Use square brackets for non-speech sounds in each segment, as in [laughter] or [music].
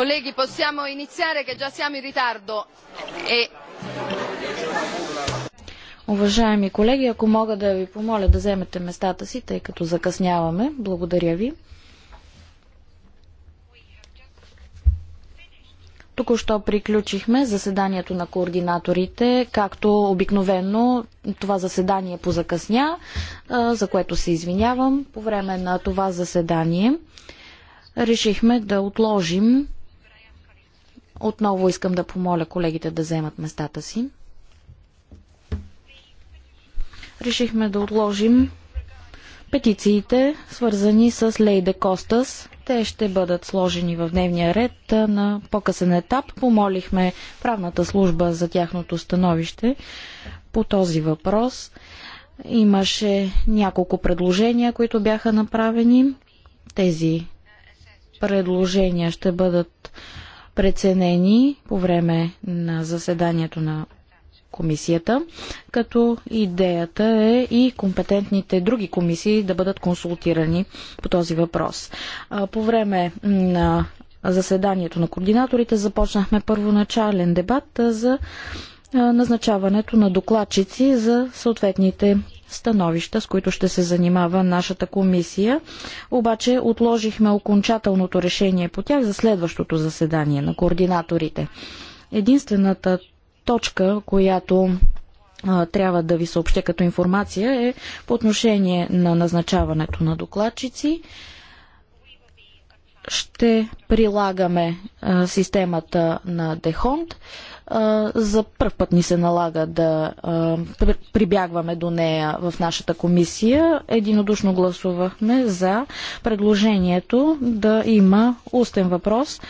Colleghi, possiamo iniziare che già siamo in ritardo. E... Уважаеми колеги, ако мога да ви помоля да вземете местата си, тъй като закъсняваме. Благодаря ви. Току-що приключихме заседанието на координаторите. Както обикновено, това заседание позакъсня, за което се извинявам. По време на това заседание решихме да отложим отново искам да помоля колегите да вземат местата си. Решихме да отложим петициите, свързани с Лейде Костас. Те ще бъдат сложени в дневния ред на по-късен етап. Помолихме правната служба за тяхното становище по този въпрос. Имаше няколко предложения, които бяха направени. Тези предложения ще бъдат преценени по време на заседанието на комисията, като идеята е и компетентните други комисии да бъдат консултирани по този въпрос. По време на заседанието на координаторите започнахме първоначален дебат за назначаването на докладчици за съответните становища, с които ще се занимава нашата комисия. Обаче отложихме окончателното решение по тях за следващото заседание на координаторите. Единствената точка, която трябва да ви съобщя като информация е по отношение на назначаването на докладчици. Ще прилагаме системата на Дехонт за първ път ни се налага да прибягваме до нея в нашата комисия. Единодушно гласувахме за предложението да има устен въпрос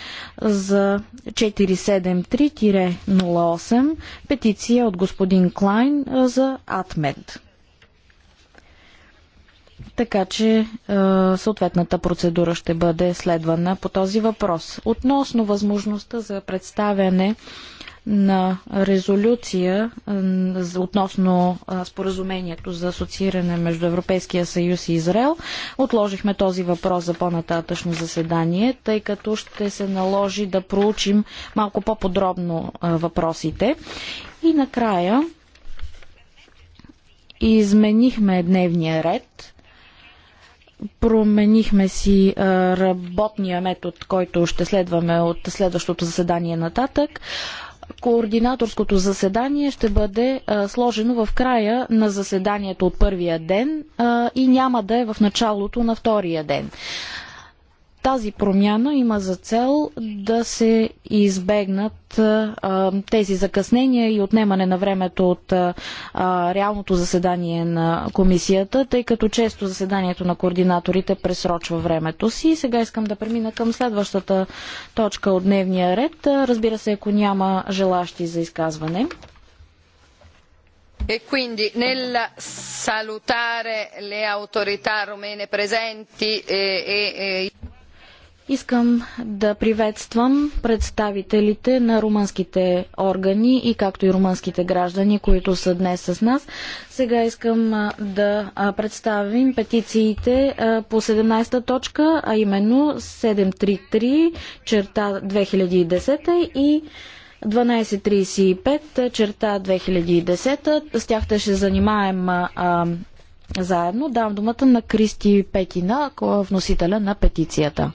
за 473-08 петиция от господин Клайн за Атмед. Така че съответната процедура ще бъде следвана по този въпрос. Относно възможността за представяне на резолюция относно споразумението за асоцииране между Европейския съюз и Израел. Отложихме този въпрос за по-нататъчно заседание, тъй като ще се наложи да проучим малко по-подробно въпросите. И накрая изменихме дневния ред променихме си работния метод, който ще следваме от следващото заседание нататък. Координаторското заседание ще бъде а, сложено в края на заседанието от първия ден а, и няма да е в началото на втория ден. Тази промяна има за цел да се избегнат а, тези закъснения и отнемане на времето от а, реалното заседание на комисията, тъй като често заседанието на координаторите пресрочва времето си. Сега искам да премина към следващата точка от дневния ред. Разбира се, ако няма желащи за изказване. E quindi nel salutare le autorità romene presenti e, e, e... Искам да приветствам представителите на румънските органи и както и румънските граждани, които са днес с нас. Сега искам да представим петициите по 17-та точка, а именно 733 черта 2010 и 1235 черта 2010. С тях ще занимаем заедно. Давам думата на Кристи Петина, вносителя на петицията.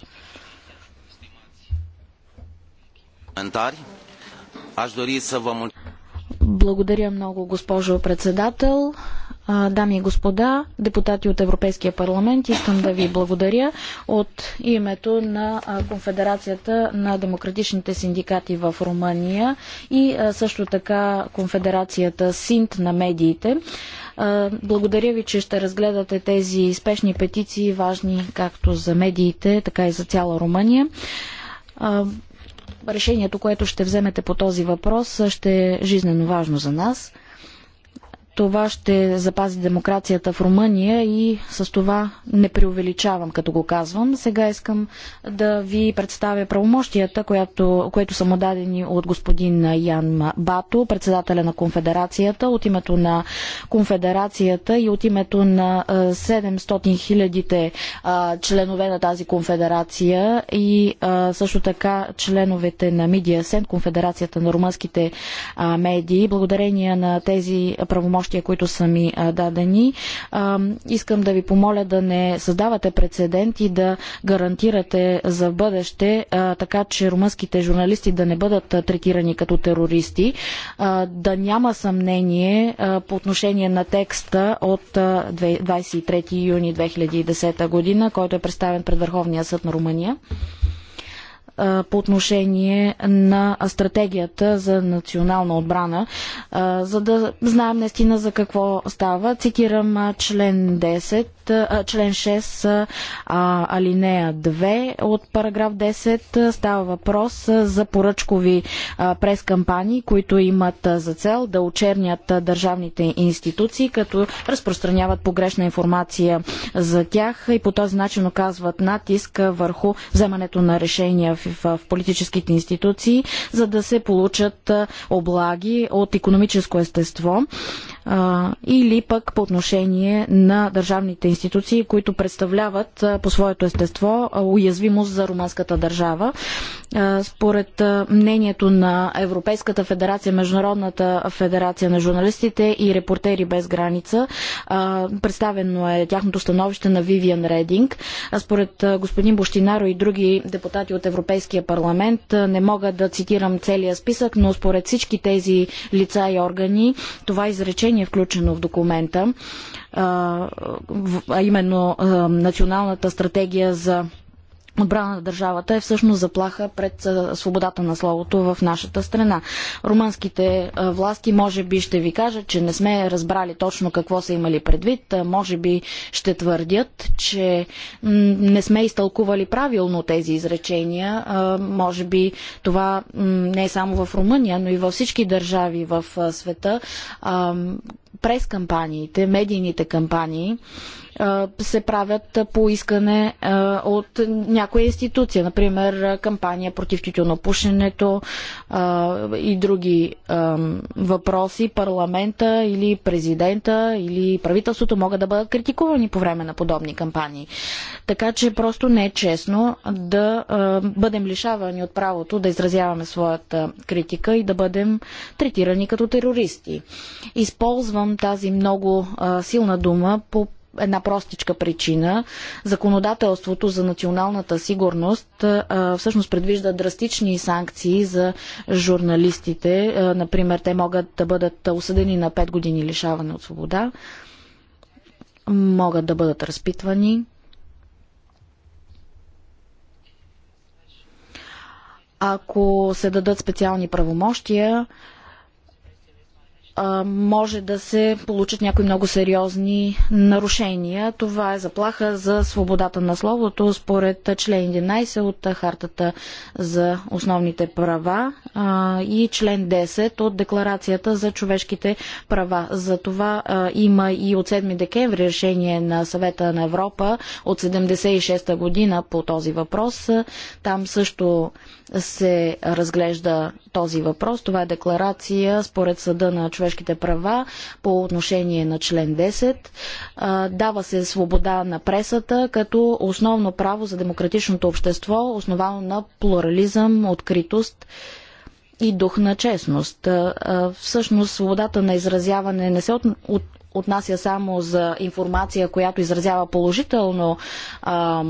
Благодаря много, госпожо председател. Дами и господа, депутати от Европейския парламент, искам да ви благодаря от името на Конфедерацията на демократичните синдикати в Румъния и също така Конфедерацията Синт на медиите. Благодаря ви, че ще разгледате тези спешни петиции, важни както за медиите, така и за цяла Румъния решението, което ще вземете по този въпрос, ще е жизненно важно за нас – това ще запази демокрацията в Румъния и с това не преувеличавам, като го казвам. Сега искам да ви представя правомощията, което, което са му дадени от господин Ян Бато, председателя на конфедерацията, от името на конфедерацията и от името на 700 хилядите членове на тази конфедерация и също така членовете на Мидия Сен, конфедерацията на румънските медии. Благодарение на тези правомощия правомощия, които са ми дадени. Искам да ви помоля да не създавате прецедент и да гарантирате за бъдеще, така че румънските журналисти да не бъдат третирани като терористи, да няма съмнение по отношение на текста от 23 юни 2010 година, който е представен пред Върховния съд на Румъния по отношение на стратегията за национална отбрана, за да знаем наистина за какво става. Цитирам член 10, член 6, алинея 2 от параграф 10. Става въпрос за поръчкови прескампании, които имат за цел да очернят държавните институции, като разпространяват погрешна информация за тях и по този начин оказват натиск върху вземането на решения в в политическите институции, за да се получат облаги от економическо естество а, или пък по отношение на държавните институции, които представляват а, по своето естество а, уязвимост за румънската държава. А, според а, мнението на Европейската федерация, Международната федерация на журналистите и репортери без граница, а, представено е тяхното становище на Вивиан Рединг. А, според а, господин Бощинаро и други депутати от Европейския парламент, а, не мога да цитирам целия списък, но според всички тези лица и органи, това изречение решение, включено в документа, а именно националната стратегия за отбрана на държавата е всъщност заплаха пред свободата на словото в нашата страна. Румънските власти може би ще ви кажат, че не сме разбрали точно какво са имали предвид. Може би ще твърдят, че не сме изтълкували правилно тези изречения. Може би това не е само в Румъния, но и във всички държави в света през кампаниите, медийните кампании се правят по искане от някоя институция, например кампания против тютюнопушенето и други въпроси, парламента или президента или правителството могат да бъдат критикувани по време на подобни кампании. Така че просто не е честно да бъдем лишавани от правото да изразяваме своята критика и да бъдем третирани като терористи. Използвам тази много силна дума по една простичка причина. Законодателството за националната сигурност всъщност предвижда драстични санкции за журналистите. Например, те могат да бъдат осъдени на 5 години лишаване от свобода, могат да бъдат разпитвани. Ако се дадат специални правомощия, може да се получат някои много сериозни нарушения. Това е заплаха за свободата на словото според член 11 от Хартата за основните права и член 10 от Декларацията за човешките права. За това има и от 7 декември решение на Съвета на Европа от 76 година по този въпрос. Там също се разглежда този въпрос. Това е декларация според Съда на човешките човешките права по отношение на член 10. Дава се свобода на пресата като основно право за демократичното общество, основано на плурализъм, откритост и дух на честност. Всъщност свободата на изразяване не се отнася само за информация, която изразява положително а,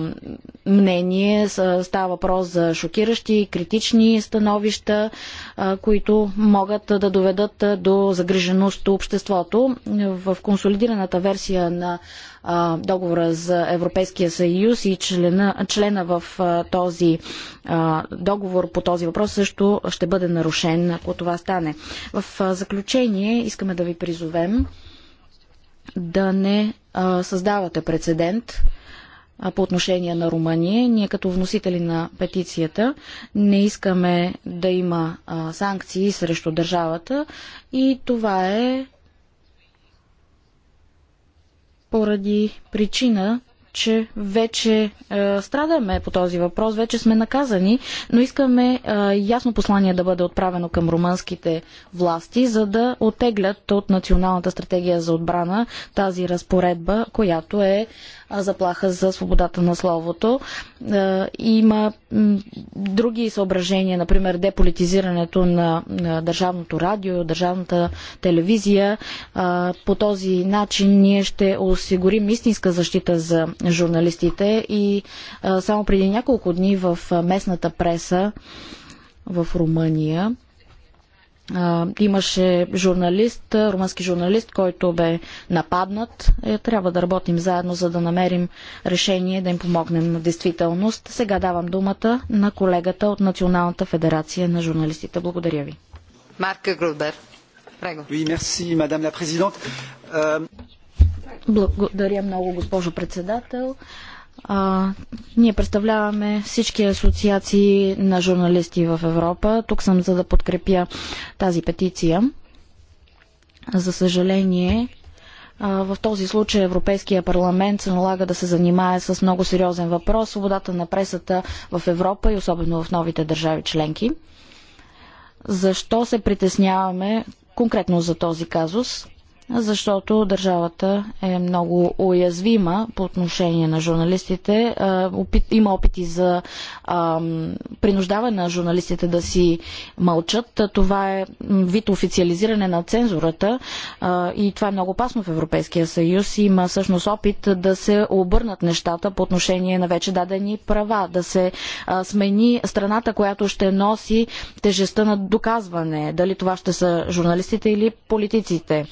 мнение. Става въпрос за шокиращи, критични становища, а, които могат да доведат до загриженост обществото. В консолидираната версия на а, договора за Европейския съюз и члена, члена в а, този а, договор по този въпрос също ще бъде нарушен, ако това стане. В а, заключение искаме да ви призовем да не а, създавате прецедент а, по отношение на Румъния. Ние като вносители на петицията не искаме да има а, санкции срещу държавата и това е поради причина, че вече е, страдаме по този въпрос, вече сме наказани, но искаме е, ясно послание да бъде отправено към румънските власти, за да отеглят от Националната стратегия за отбрана тази разпоредба, която е заплаха за свободата на словото. Е, има други съображения, например деполитизирането на държавното радио, държавната телевизия. Е, по този начин ние ще осигурим истинска защита за журналистите и е, само преди няколко дни в местната преса в Румъния имаше журналист, румънски журналист, който бе нападнат. Е, трябва да работим заедно, за да намерим решение, да им помогнем на действителност. Сега давам думата на колегата от Националната федерация на журналистите. Благодаря ви. Марка Грубер. Oui, merci, madame la présidente. Благодаря много, госпожо председател. А, ние представляваме всички асоциации на журналисти в Европа. Тук съм за да подкрепя тази петиция. За съжаление, в този случай Европейския парламент се налага да се занимае с много сериозен въпрос свободата на пресата в Европа и особено в новите държави членки. Защо се притесняваме конкретно за този казус? защото държавата е много уязвима по отношение на журналистите. Има опити за принуждаване на журналистите да си мълчат. Това е вид официализиране на цензурата и това е много опасно в Европейския съюз. Има всъщност опит да се обърнат нещата по отношение на вече дадени права, да се смени страната, която ще носи тежестта на доказване, дали това ще са журналистите или политиците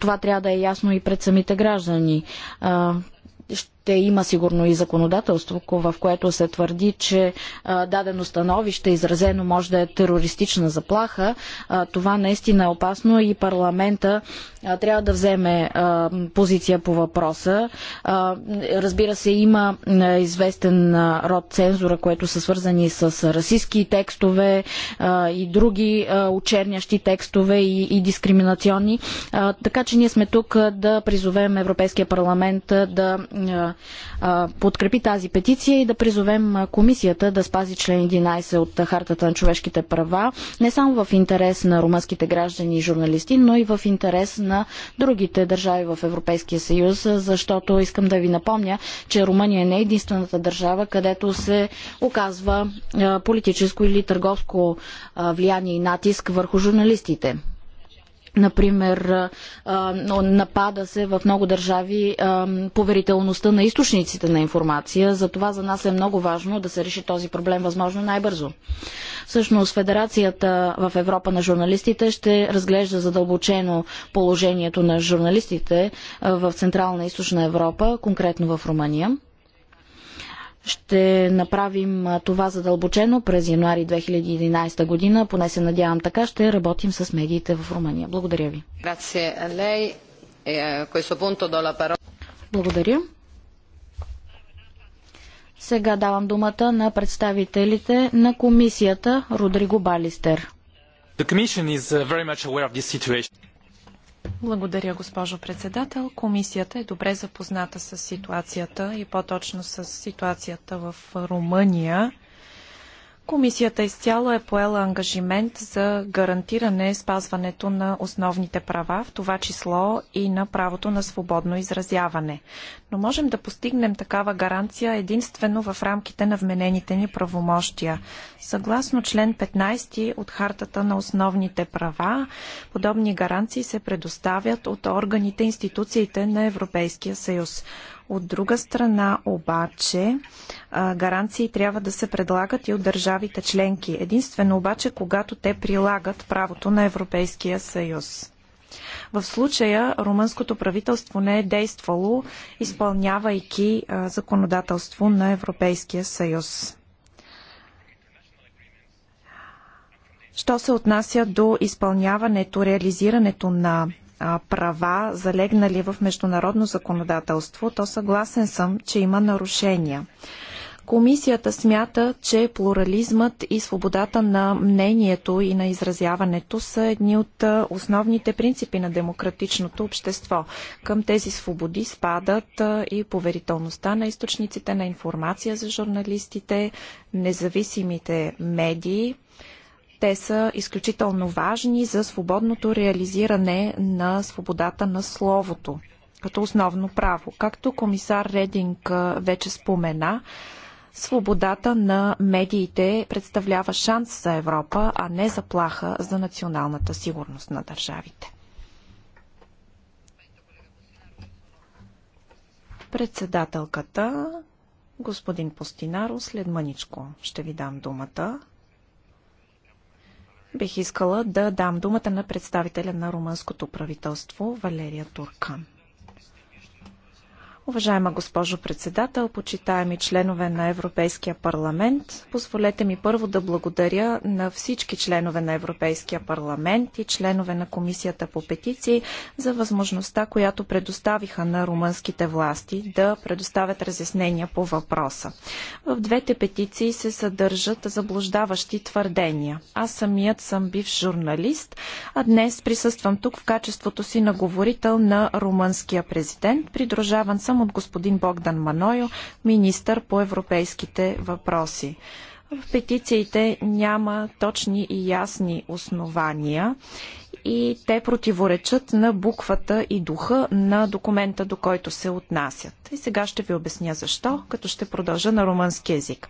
това трябва да е ясно и пред самите граждани те има сигурно и законодателство, в което се твърди, че дадено становище изразено може да е терористична заплаха. Това наистина е опасно и парламента трябва да вземе позиция по въпроса. Разбира се, има известен род цензура, което са свързани с расистски текстове и други очернящи текстове и дискриминационни. Така че ние сме тук да призовем Европейския парламент да да подкрепи тази петиция и да призовем комисията да спази член 11 от Хартата на човешките права, не само в интерес на румънските граждани и журналисти, но и в интерес на другите държави в Европейския съюз, защото искам да ви напомня, че Румъния не е единствената държава, където се оказва политическо или търговско влияние и натиск върху журналистите. Например, напада се в много държави поверителността на източниците на информация. Затова за нас е много важно да се реши този проблем възможно най-бързо. Всъщност, Федерацията в Европа на журналистите ще разглежда задълбочено положението на журналистите в Централна и Източна Европа, конкретно в Румъния. Ще направим това задълбочено през януари 2011 година, поне се надявам така, ще работим с медиите в Румъния. Благодаря ви. E, Благодаря. Сега давам думата на представителите на комисията Родриго Балистер. The Commission is uh, very much aware of this situation. Благодаря, госпожо председател. Комисията е добре запозната с ситуацията и по-точно с ситуацията в Румъния. Комисията изцяло е поела ангажимент за гарантиране спазването на основните права, в това число и на правото на свободно изразяване. Но можем да постигнем такава гаранция единствено в рамките на вменените ни правомощия. Съгласно член 15 от Хартата на основните права, подобни гаранции се предоставят от органите и институциите на Европейския съюз. От друга страна обаче, гаранции трябва да се предлагат и от държавите членки. Единствено обаче, когато те прилагат правото на Европейския съюз. В случая румънското правителство не е действало, изпълнявайки законодателство на Европейския съюз. Що се отнася до изпълняването, реализирането на права, залегнали в международно законодателство, то съгласен съм, че има нарушения. Комисията смята, че плурализмът и свободата на мнението и на изразяването са едни от основните принципи на демократичното общество. Към тези свободи спадат и поверителността на източниците на информация за журналистите, независимите медии, те са изключително важни за свободното реализиране на свободата на словото като основно право. Както комисар Рединг вече спомена, Свободата на медиите представлява шанс за Европа, а не заплаха за националната сигурност на държавите. Председателката, господин Постинаро, след мъничко ще ви дам думата. Бих искала да дам думата на представителя на румънското правителство Валерия Туркан. Уважаема госпожо председател, почитаеми членове на Европейския парламент, позволете ми първо да благодаря на всички членове на Европейския парламент и членове на Комисията по петиции за възможността, която предоставиха на румънските власти да предоставят разяснения по въпроса. В двете петиции се съдържат заблуждаващи твърдения. Аз самият съм бивш журналист, а днес присъствам тук в качеството си на говорител на румънския президент, придружаван съм от господин Богдан Манойо, министър по европейските въпроси. В петициите няма точни и ясни основания и те противоречат на буквата и духа на документа, до който се отнасят. И сега ще ви обясня защо, като ще продължа на румънски язик.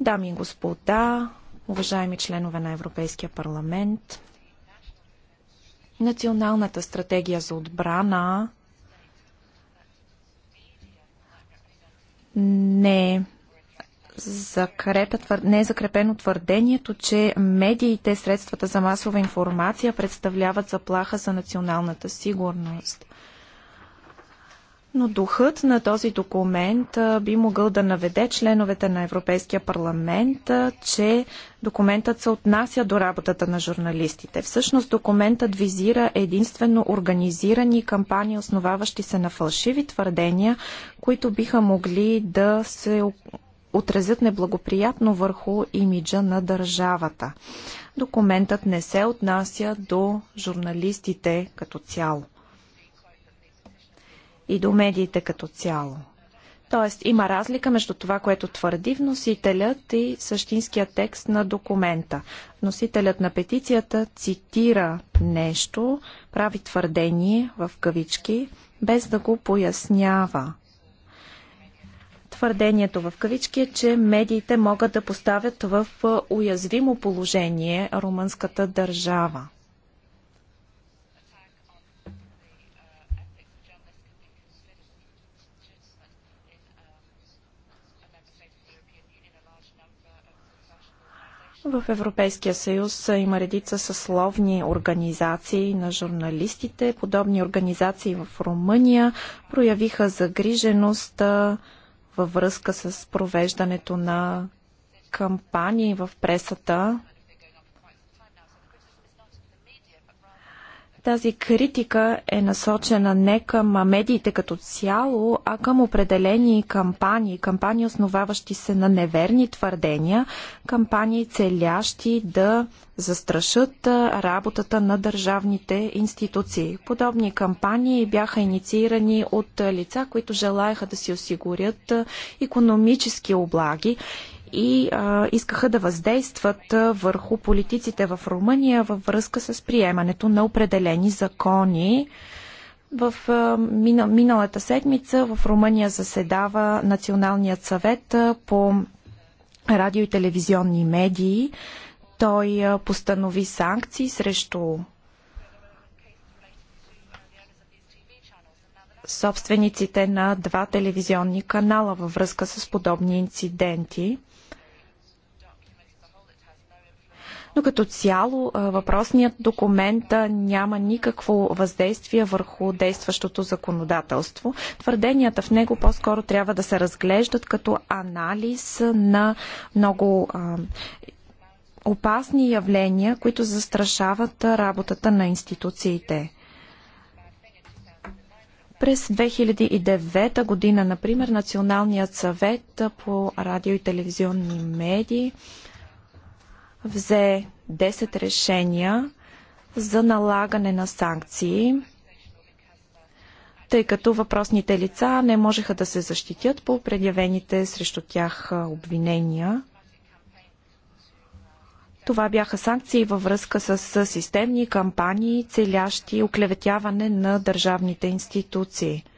Дами и господа, уважаеми членове на Европейския парламент, Националната стратегия за отбрана не е не е закрепено твърдението, че медиите, средствата за масова информация представляват заплаха за националната сигурност. Но духът на този документ би могъл да наведе членовете на Европейския парламент, че документът се отнася до работата на журналистите. Всъщност документът визира единствено организирани кампании, основаващи се на фалшиви твърдения, които биха могли да се отразят неблагоприятно върху имиджа на държавата. Документът не се отнася до журналистите като цяло и до медиите като цяло. Тоест има разлика между това, което твърди вносителят и същинския текст на документа. Вносителят на петицията цитира нещо, прави твърдение в кавички, без да го пояснява. Твърдението в кавички е, че медиите могат да поставят в уязвимо положение румънската държава. В Европейския съюз има редица съсловни организации на журналистите. Подобни организации в Румъния проявиха загриженост във връзка с провеждането на кампании в пресата Тази критика е насочена не към медиите като цяло, а към определени кампании. Кампании, основаващи се на неверни твърдения, кампании, целящи да застрашат работата на държавните институции. Подобни кампании бяха инициирани от лица, които желаяха да си осигурят економически облаги и а, искаха да въздействат върху политиците в Румъния във връзка с приемането на определени закони. В миналата седмица в Румъния заседава Националният съвет по радио и телевизионни медии. Той постанови санкции срещу собствениците на два телевизионни канала във връзка с подобни инциденти. но като цяло въпросният документ няма никакво въздействие върху действащото законодателство. Твърденията в него по-скоро трябва да се разглеждат като анализ на много опасни явления, които застрашават работата на институциите. През 2009 година, например, Националният съвет по радио и телевизионни медии взе 10 решения за налагане на санкции, тъй като въпросните лица не можеха да се защитят по предявените срещу тях обвинения. Това бяха санкции във връзка с системни кампании, целящи оклеветяване на държавните институции –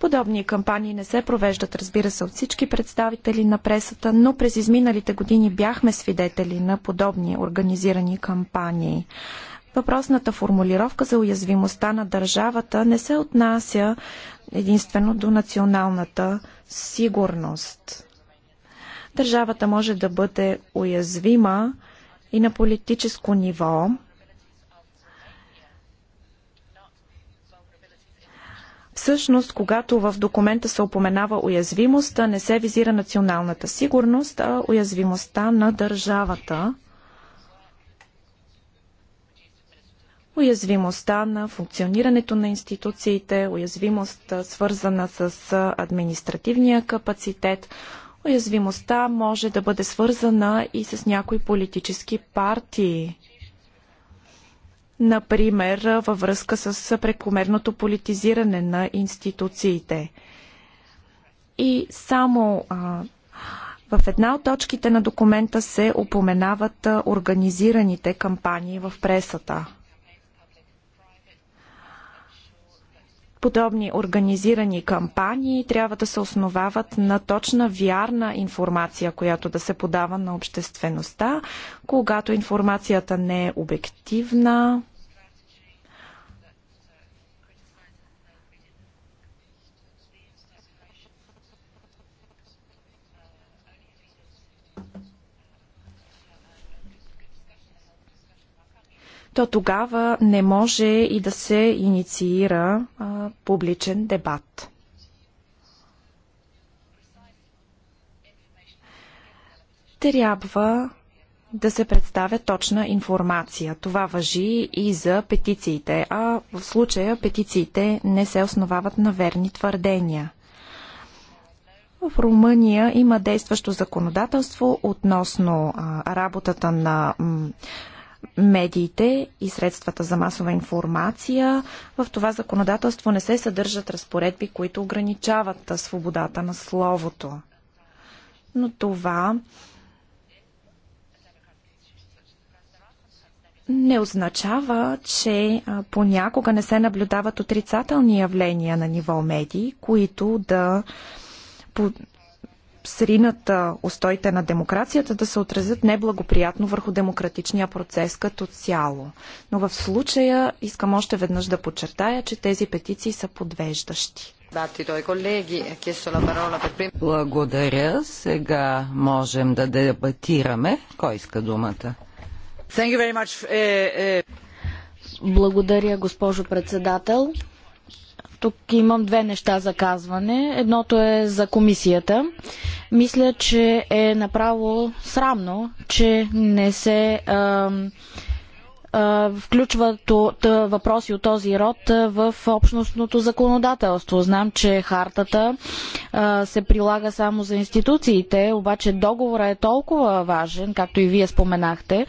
Подобни кампании не се провеждат, разбира се, от всички представители на пресата, но през изминалите години бяхме свидетели на подобни организирани кампании. Въпросната формулировка за уязвимостта на държавата не се отнася единствено до националната сигурност. Държавата може да бъде уязвима и на политическо ниво, Всъщност, когато в документа се упоменава уязвимостта, не се визира националната сигурност, а уязвимостта на държавата. уязвимостта на функционирането на институциите, уязвимост свързана с административния капацитет. Уязвимостта може да бъде свързана и с някои политически партии например във връзка с прекомерното политизиране на институциите. И само а, в една от точките на документа се упоменават организираните кампании в пресата. Подобни организирани кампании трябва да се основават на точна вярна информация, която да се подава на обществеността. Когато информацията не е обективна, то тогава не може и да се инициира а, публичен дебат. Трябва да се представя точна информация. Това въжи и за петициите, а в случая петициите не се основават на верни твърдения. В Румъния има действащо законодателство относно а, работата на медиите и средствата за масова информация. В това законодателство не се съдържат разпоредби, които ограничават свободата на словото. Но това не означава, че понякога не се наблюдават отрицателни явления на ниво медии, които да срината, устоите на демокрацията да се отразят неблагоприятно върху демократичния процес като цяло. Но в случая искам още веднъж да подчертая, че тези петиции са подвеждащи. Благодаря. Сега можем да дебатираме. Кой иска думата? Е, е. Благодаря, госпожо председател. Тук имам две неща за казване. Едното е за комисията. Мисля, че е направо срамно, че не се. А, включват въпроси от този род в общностното законодателство. Знам, че хартата се прилага само за институциите, обаче договора е толкова важен, както и вие споменахте.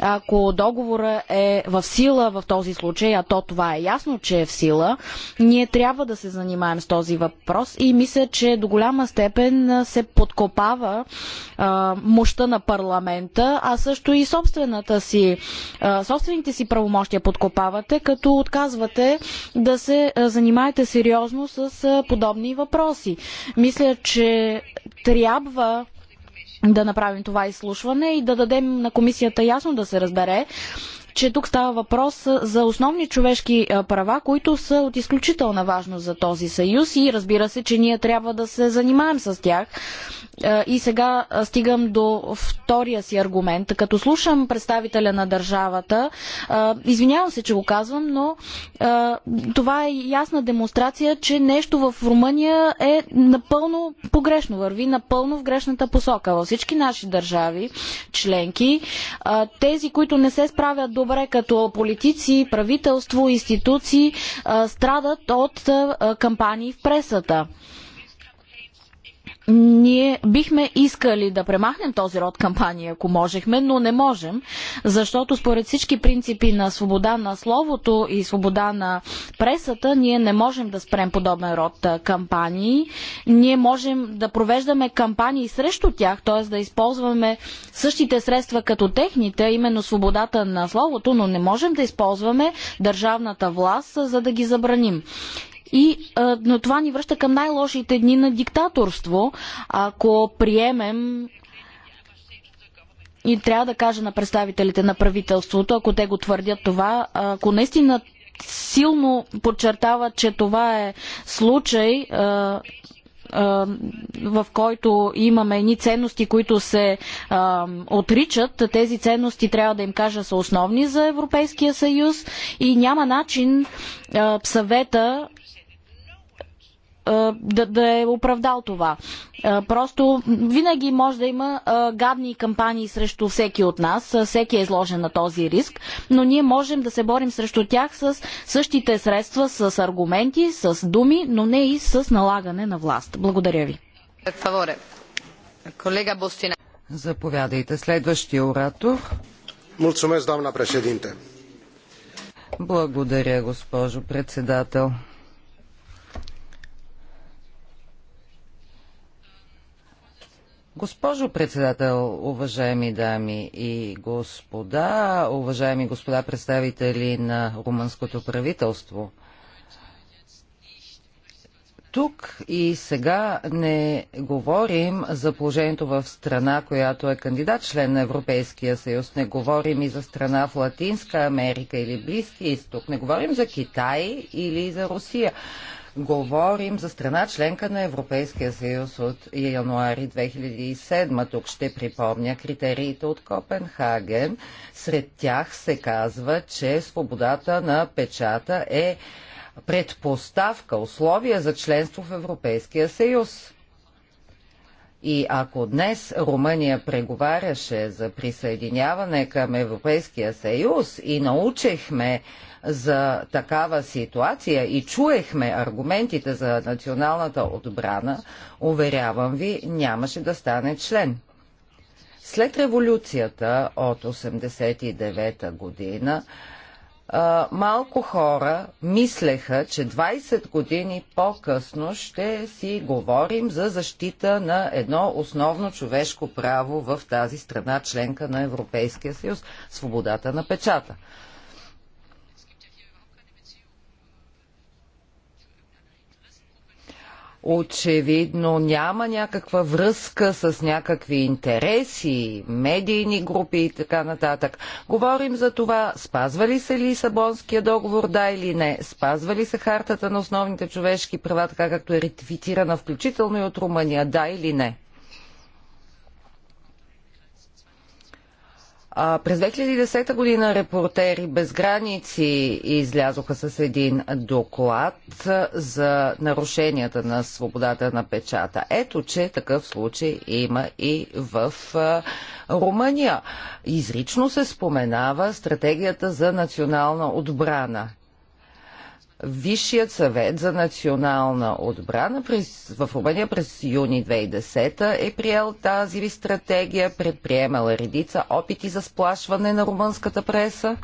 Ако договора е в сила в този случай, а то това е ясно, че е в сила, ние трябва да се занимаем с този въпрос и мисля, че до голяма степен се подкопава мощта на парламента, а също и собствената си собствената собствените си правомощия подкопавате, като отказвате да се занимаете сериозно с подобни въпроси. Мисля, че трябва да направим това изслушване и да дадем на комисията ясно да се разбере, че тук става въпрос за основни човешки права, които са от изключителна важност за този съюз и разбира се, че ние трябва да се занимаем с тях. И сега стигам до втория си аргумент. Като слушам представителя на държавата, извинявам се, че го казвам, но това е ясна демонстрация, че нещо в Румъния е напълно погрешно, върви напълно в грешната посока. Във всички наши държави, членки, тези, които не се справят до добре като политици, правителство, институции страдат от кампании в пресата. Ние бихме искали да премахнем този род кампании, ако можехме, но не можем, защото според всички принципи на свобода на словото и свобода на пресата, ние не можем да спрем подобен род кампании. Ние можем да провеждаме кампании срещу тях, т.е. да използваме същите средства като техните, именно свободата на словото, но не можем да използваме държавната власт, за да ги забраним. И, а, но това ни връща към най-лошите дни на диктаторство, ако приемем и трябва да кажа на представителите на правителството, ако те го твърдят това, ако наистина силно подчертава, че това е случай, в който имаме едни ценности, които се а, отричат. Тези ценности трябва да им кажа са основни за Европейския съюз и няма начин съвета да, да е оправдал това. Просто винаги може да има гадни кампании срещу всеки от нас, всеки е изложен на този риск, но ние можем да се борим срещу тях с същите средства, с аргументи, с думи, но не и с налагане на власт. Благодаря ви. Е, Колега Заповядайте. Следващия оратор. Мулцумес, дамна președинте. Благодаря, госпожо председател. Госпожо председател, уважаеми дами и господа, уважаеми господа представители на румънското правителство, тук и сега не говорим за положението в страна, която е кандидат член на Европейския съюз. Не говорим и за страна в Латинска Америка или Близки изток. Не говорим за Китай или за Русия. Говорим за страна членка на Европейския съюз от януари 2007. Тук ще припомня критериите от Копенхаген. Сред тях се казва, че свободата на печата е предпоставка, условия за членство в Европейския съюз. И ако днес Румъния преговаряше за присъединяване към Европейския съюз и научихме за такава ситуация и чуехме аргументите за националната отбрана, уверявам ви, нямаше да стане член. След революцията от 1989 година, малко хора мислеха, че 20 години по-късно ще си говорим за защита на едно основно човешко право в тази страна, членка на Европейския съюз – свободата на печата. очевидно няма някаква връзка с някакви интереси, медийни групи и така нататък. Говорим за това, спазва ли се Лисабонския договор, да или не, спазва ли се хартата на основните човешки права, така както е ретифицирана, включително и от Румъния, да или не. А, през 2010 година репортери без граници излязоха с един доклад за нарушенията на свободата на печата. Ето, че такъв случай има и в а, Румъния. Изрично се споменава стратегията за национална отбрана. Висшият съвет за национална отбрана през, в Румъния през юни 2010 е приел тази стратегия, предприемала редица опити за сплашване на румънската преса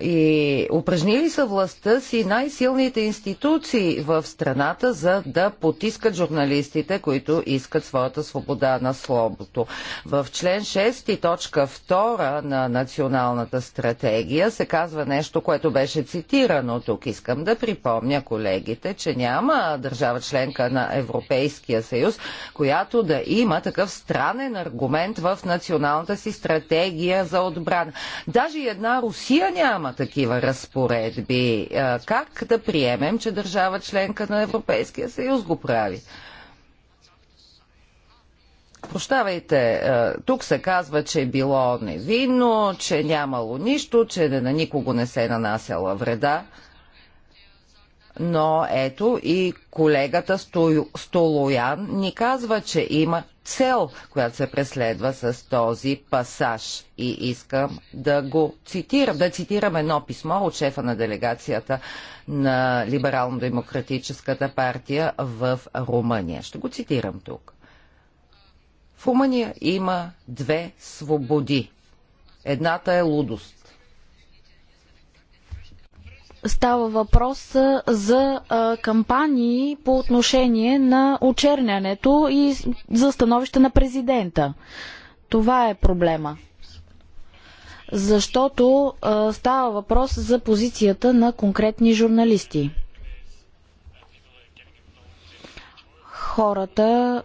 и упражнили са властта си най-силните институции в страната, за да потискат журналистите, които искат своята свобода на слобото. В член 6, точка 2 на националната стратегия се казва нещо, което беше цитирано тук. Искам да припомня колегите, че няма държава членка на Европейския съюз, която да има такъв странен аргумент в националната си стратегия за отбрана. Даже и една Русия няма няма такива разпоредби. Как да приемем, че държава членка на Европейския съюз го прави? Прощавайте, тук се казва, че е било невинно, че нямало нищо, че на никого не се е нанасяла вреда. Но ето и колегата Столоян ни казва, че има цел, която се преследва с този пасаж. И искам да го цитирам, да цитирам едно писмо от шефа на делегацията на Либерално-демократическата партия в Румъния. Ще го цитирам тук. В Румъния има две свободи. Едната е лудост Става въпрос за кампании по отношение на очернянето и за становище на президента. Това е проблема защото става въпрос за позицията на конкретни журналисти. Хората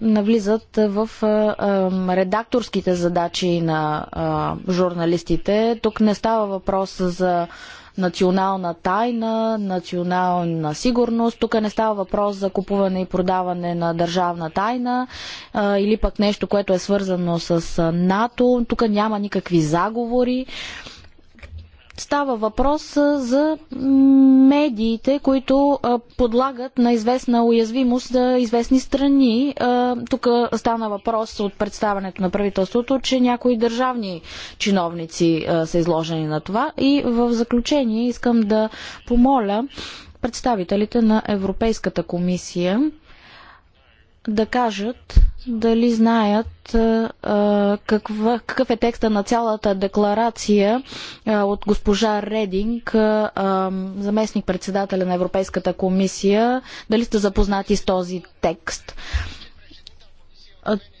навлизат в редакторските задачи на журналистите. Тук не става въпрос за национална тайна, национална сигурност. Тук не става въпрос за купуване и продаване на държавна тайна а, или пък нещо, което е свързано с НАТО. Тук няма никакви заговори. Става въпрос за медиите, които подлагат на известна уязвимост за известни страни. Тук стана въпрос от представането на правителството, че някои държавни чиновници са изложени на това. И в заключение искам да помоля представителите на Европейската комисия да кажат дали знаят каква, какъв е текста на цялата декларация от госпожа Рединг, заместник председателя на Европейската комисия, дали сте запознати с този текст.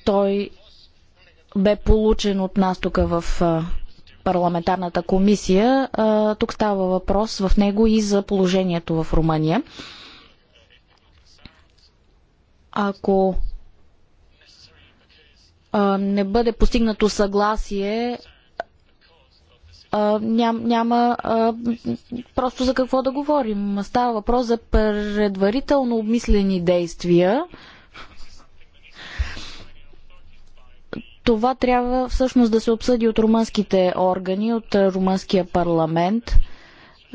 той бе получен от нас тук в парламентарната комисия. тук става въпрос в него и за положението в Румъния ако не бъде постигнато съгласие, ням, няма просто за какво да говорим. Става въпрос за предварително обмислени действия. Това трябва всъщност да се обсъди от румънските органи, от румънския парламент,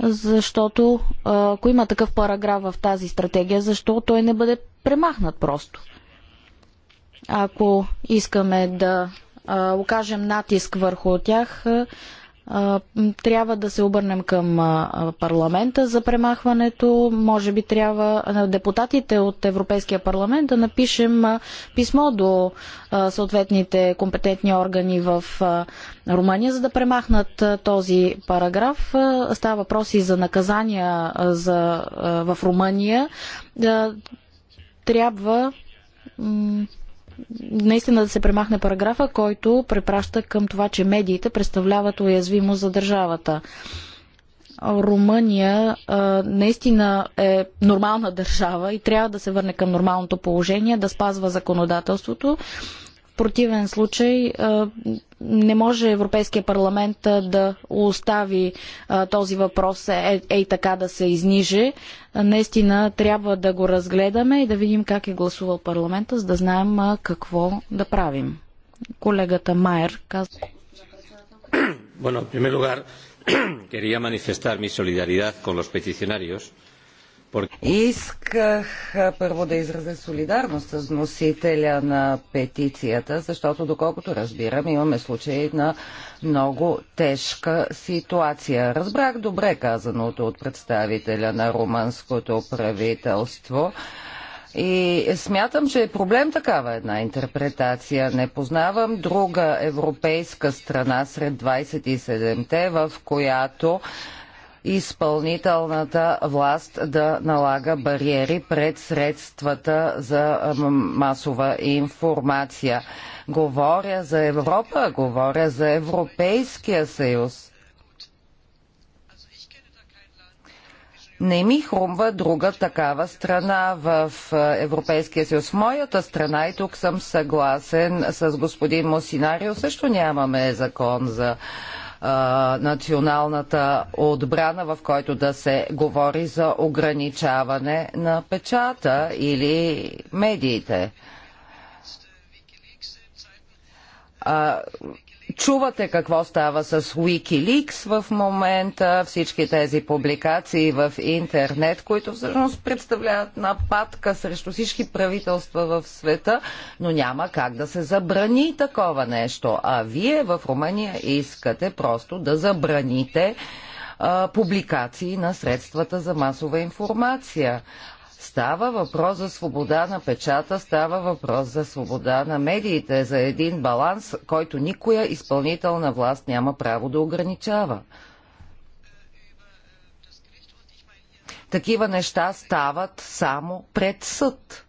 защото ако има такъв параграф в тази стратегия, защо той не бъде премахнат просто. Ако искаме да а, окажем натиск върху тях, а, трябва да се обърнем към а, парламента за премахването. Може би трябва а, депутатите от Европейския парламент да напишем а, писмо до а, съответните компетентни органи в а, Румъния, за да премахнат а, този параграф. А, става въпрос и за наказания а, за, а, в Румъния. А, трябва наистина да се премахне параграфа, който препраща към това, че медиите представляват уязвимост за държавата. Румъния а, наистина е нормална [laughs] държава и трябва да се върне към нормалното положение, да спазва законодателството противен случай не може Европейския парламент да остави този въпрос е, е, ей е така да се изниже. Наистина трябва да го разгледаме и да видим как е гласувал парламента, за да знаем какво да правим. Колегата Майер казва. Bueno, en primer lugar, [clears throat] quería manifestar mi solidaridad con los peticionarios. Исках първо да изразя солидарност с носителя на петицията, защото доколкото разбирам, имаме случай на много тежка ситуация. Разбрах добре казаното от представителя на румънското правителство. И смятам, че е проблем такава една интерпретация. Не познавам друга европейска страна сред 27-те, в която изпълнителната власт да налага бариери пред средствата за масова информация. Говоря за Европа, говоря за Европейския съюз. Не ми хрумва друга такава страна в е, Европейския съюз. моята страна, и тук съм съгласен с господин Мосинарио, също нямаме закон за националната отбрана, в който да се говори за ограничаване на печата или медиите. А, Чувате какво става с Wikileaks в момента, всички тези публикации в интернет, които всъщност представляват нападка срещу всички правителства в света, но няма как да се забрани такова нещо. А вие в Румъния искате просто да забраните а, публикации на средствата за масова информация. Става въпрос за свобода на печата, става въпрос за свобода на медиите, за един баланс, който никоя изпълнителна власт няма право да ограничава. Такива неща стават само пред съд.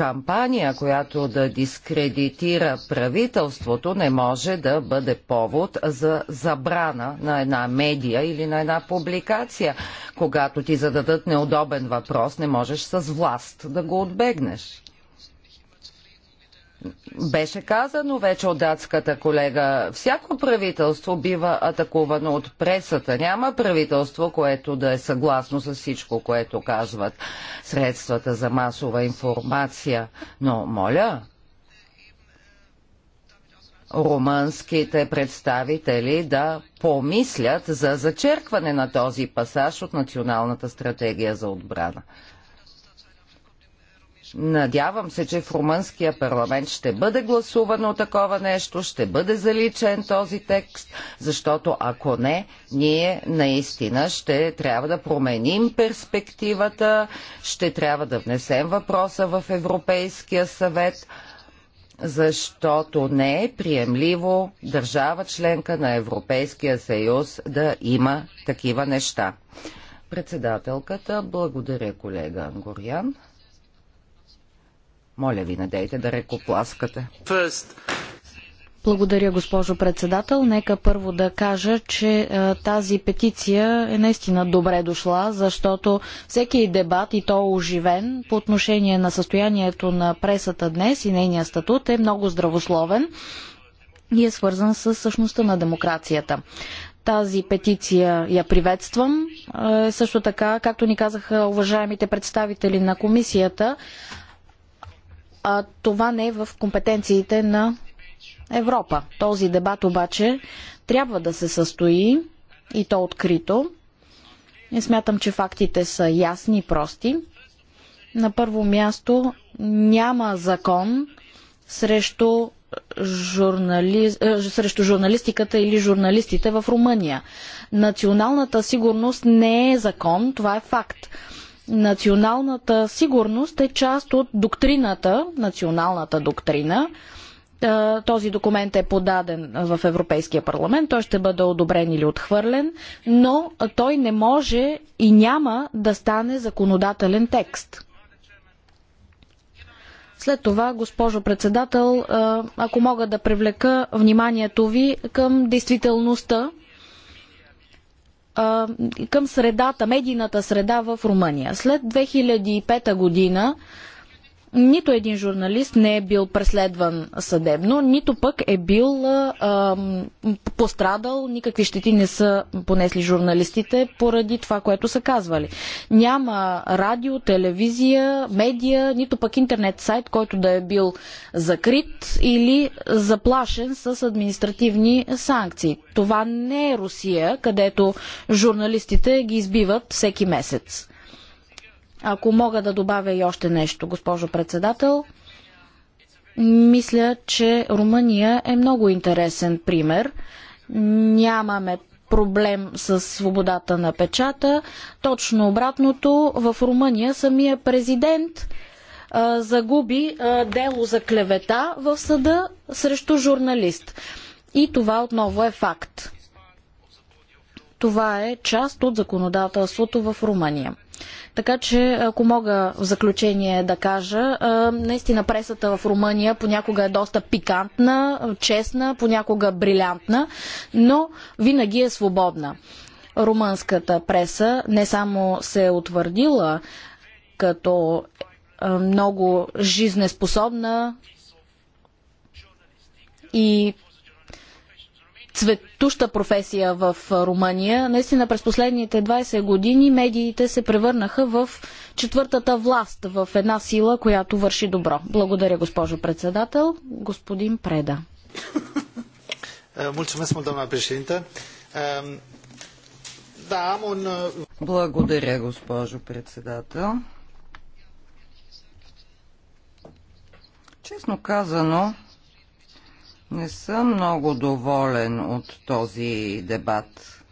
кампания, която да дискредитира правителството, не може да бъде повод за забрана на една медия или на една публикация. Когато ти зададат неудобен въпрос, не можеш с власт да го отбегнеш. Беше казано вече от датската колега, всяко правителство бива атакувано от пресата. Няма правителство, което да е съгласно с всичко, което казват средствата за масова информация. Но, моля, румънските представители да помислят за зачеркване на този пасаж от Националната стратегия за отбрана. Надявам се, че в румънския парламент ще бъде гласувано такова нещо, ще бъде заличен този текст, защото ако не, ние наистина ще трябва да променим перспективата, ще трябва да внесем въпроса в Европейския съвет, защото не е приемливо държава членка на Европейския съюз да има такива неща. Председателката, благодаря колега Ангорян. Моля ви, надейте да рекопласкате. Благодаря, госпожо председател. Нека първо да кажа, че а, е, тази петиция е наистина добре дошла, защото всеки дебат и то е оживен по отношение на състоянието на пресата днес и нейния статут е много здравословен и е свързан с същността на демокрацията. Тази петиция я приветствам. А, е, също така, както ни казаха уважаемите представители на комисията, а, това не е в компетенциите на Европа. Този дебат обаче трябва да се състои и то открито. И смятам, че фактите са ясни и прости. На първо място няма закон срещу, журнали... Е, срещу журналистиката или журналистите в Румъния. Националната сигурност не е закон, това е факт националната сигурност е част от доктрината, националната доктрина. Е, този документ е подаден в Европейския парламент, той ще бъде одобрен или отхвърлен, но той не може и няма да стане законодателен текст. След това, госпожо председател, е, ако мога да привлека вниманието ви към действителността, а, към средата, медийната среда в Румъния. След 2005 година нито един журналист не е бил преследван съдебно, нито пък е бил а, пострадал, никакви щети не са понесли журналистите поради това, което са казвали. Няма радио, телевизия, медия, нито пък интернет сайт, който да е бил закрит или заплашен с административни санкции. Това не е Русия, където журналистите ги избиват всеки месец. Ако мога да добавя и още нещо, госпожо председател, мисля, че Румъния е много интересен пример. Нямаме проблем с свободата на печата. Точно обратното, в Румъния самия президент а, загуби а, дело за клевета в съда срещу журналист. И това отново е факт. Това е част от законодателството в Румъния. Така че, ако мога в заключение да кажа, наистина пресата в Румъния понякога е доста пикантна, честна, понякога брилянтна, но винаги е свободна. Румънската преса не само се е утвърдила като много жизнеспособна и цветуща професия в Румъния. Наистина през последните 20 години медиите се превърнаха в четвъртата власт, в една сила, която върши добро. Благодаря, госпожо председател. Господин Преда. Е, е, е, Благодаря, госпожо председател. Честно казано, не съм много доволен от този дебат.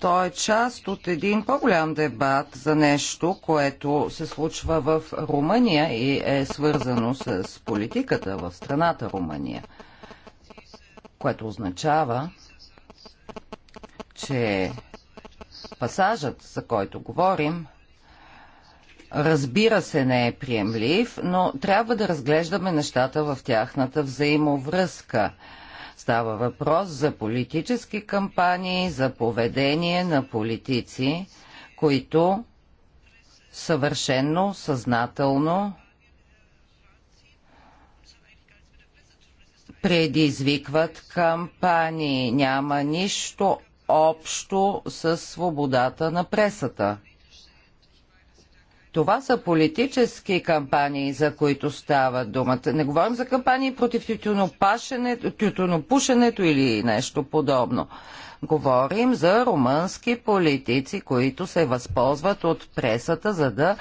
Той е част от един по-голям дебат за нещо, което се случва в Румъния и е свързано с политиката в страната Румъния, което означава, че пасажът, за който говорим, разбира се не е приемлив, но трябва да разглеждаме нещата в тяхната взаимовръзка. Става въпрос за политически кампании, за поведение на политици, които съвършенно, съзнателно предизвикват кампании. Няма нищо общо с свободата на пресата. Това са политически кампании, за които става думата. Не говорим за кампании против тютюнопушенето или нещо подобно. Говорим за румънски политици, които се възползват от пресата, за да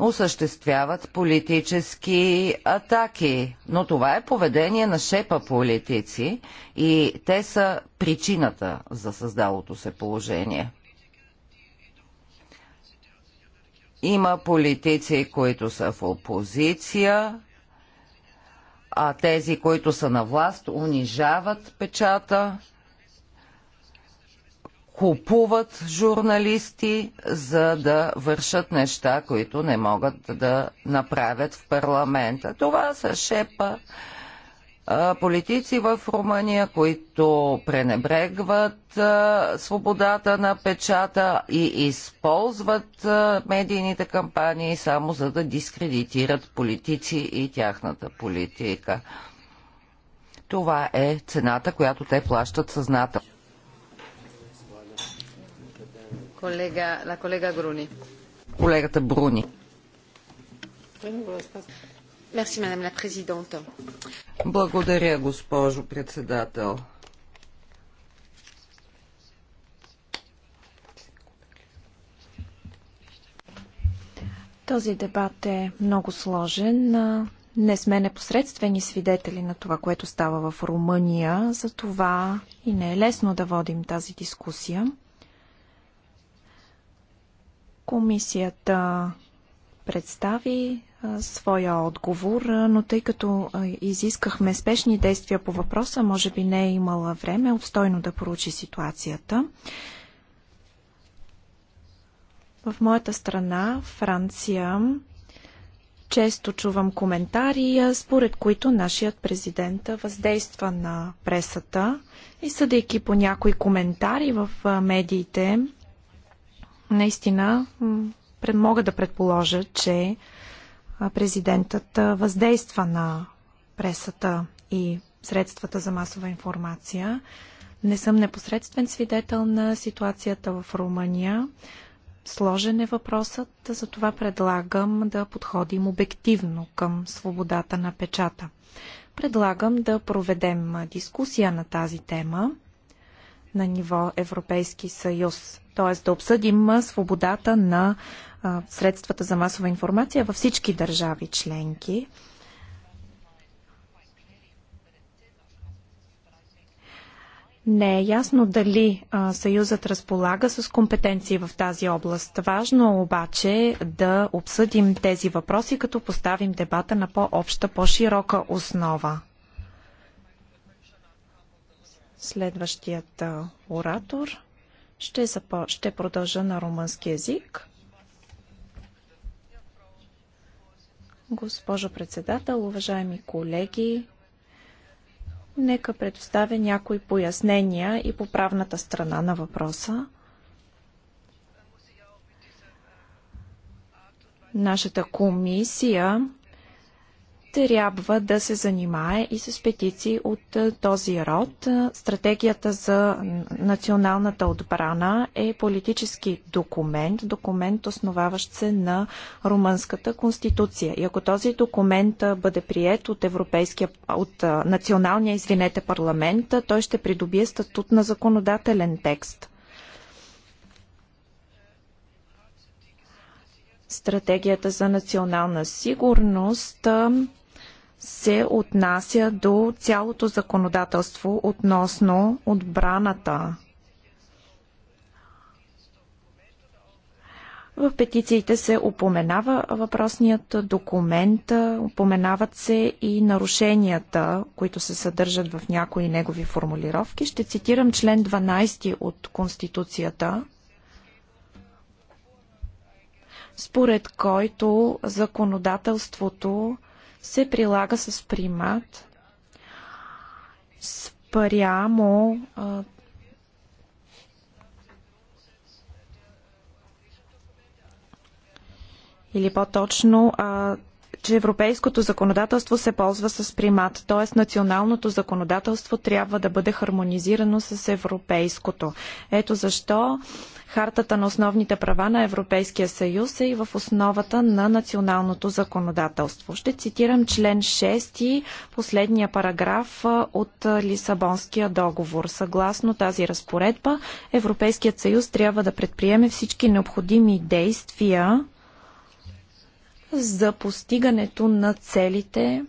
осъществяват политически атаки. Но това е поведение на шепа политици и те са причината за създалото се положение. Има политици, които са в опозиция, а тези, които са на власт, унижават печата, купуват журналисти, за да вършат неща, които не могат да направят в парламента. Това са шепа политици в Румъния, които пренебрегват свободата на печата и използват медийните кампании само за да дискредитират политици и тяхната политика. Това е цената, която те плащат съзнателно. Колега, колега Бруни. Колегата Бруни. Merci, madame la Благодаря, госпожо председател. Този дебат е много сложен. Не сме непосредствени свидетели на това, което става в Румъния, за това и не е лесно да водим тази дискусия. Комисията представи своя отговор, но тъй като изискахме спешни действия по въпроса, може би не е имала време обстойно да проучи ситуацията. В моята страна, Франция, често чувам коментари, според които нашият президент въздейства на пресата и съдейки по някои коментари в медиите, наистина мога да предположа, че президентът въздейства на пресата и средствата за масова информация. Не съм непосредствен свидетел на ситуацията в Румъния. Сложен е въпросът, затова предлагам да подходим обективно към свободата на печата. Предлагам да проведем дискусия на тази тема на ниво Европейски съюз т.е. да обсъдим свободата на средствата за масова информация във всички държави членки. Не е ясно дали а, Съюзът разполага с компетенции в тази област. Важно обаче е да обсъдим тези въпроси, като поставим дебата на по-обща, по-широка основа. Следващият оратор. Ще, запо... ще продължа на румънски язик. Госпожо председател, уважаеми колеги, нека предоставя някои пояснения и по правната страна на въпроса. Нашата комисия трябва да се занимае и с петиции от този род. Стратегията за националната отбрана е политически документ, документ основаващ се на румънската конституция. И ако този документ бъде прият от, европейския, от националния извинете парламент, той ще придобие статут на законодателен текст. Стратегията за национална сигурност се отнася до цялото законодателство относно отбраната. В петициите се упоменава въпросният документ, упоменават се и нарушенията, които се съдържат в някои негови формулировки. Ще цитирам член 12 от Конституцията – според който законодателството се прилага с примат спрямо или по-точно че европейското законодателство се ползва с примат, т.е. националното законодателство трябва да бъде хармонизирано с европейското. Ето защо Хартата на основните права на Европейския съюз е и в основата на националното законодателство. Ще цитирам член 6, последния параграф от Лисабонския договор. Съгласно тази разпоредба, Европейският съюз трябва да предприеме всички необходими действия за постигането на целите,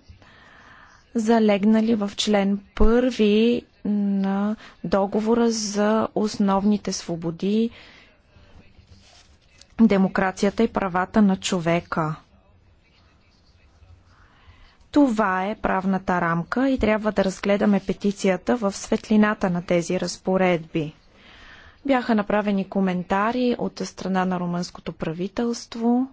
залегнали в член първи на договора за основните свободи, демокрацията и правата на човека. Това е правната рамка и трябва да разгледаме петицията в светлината на тези разпоредби. Бяха направени коментари от страна на румънското правителство.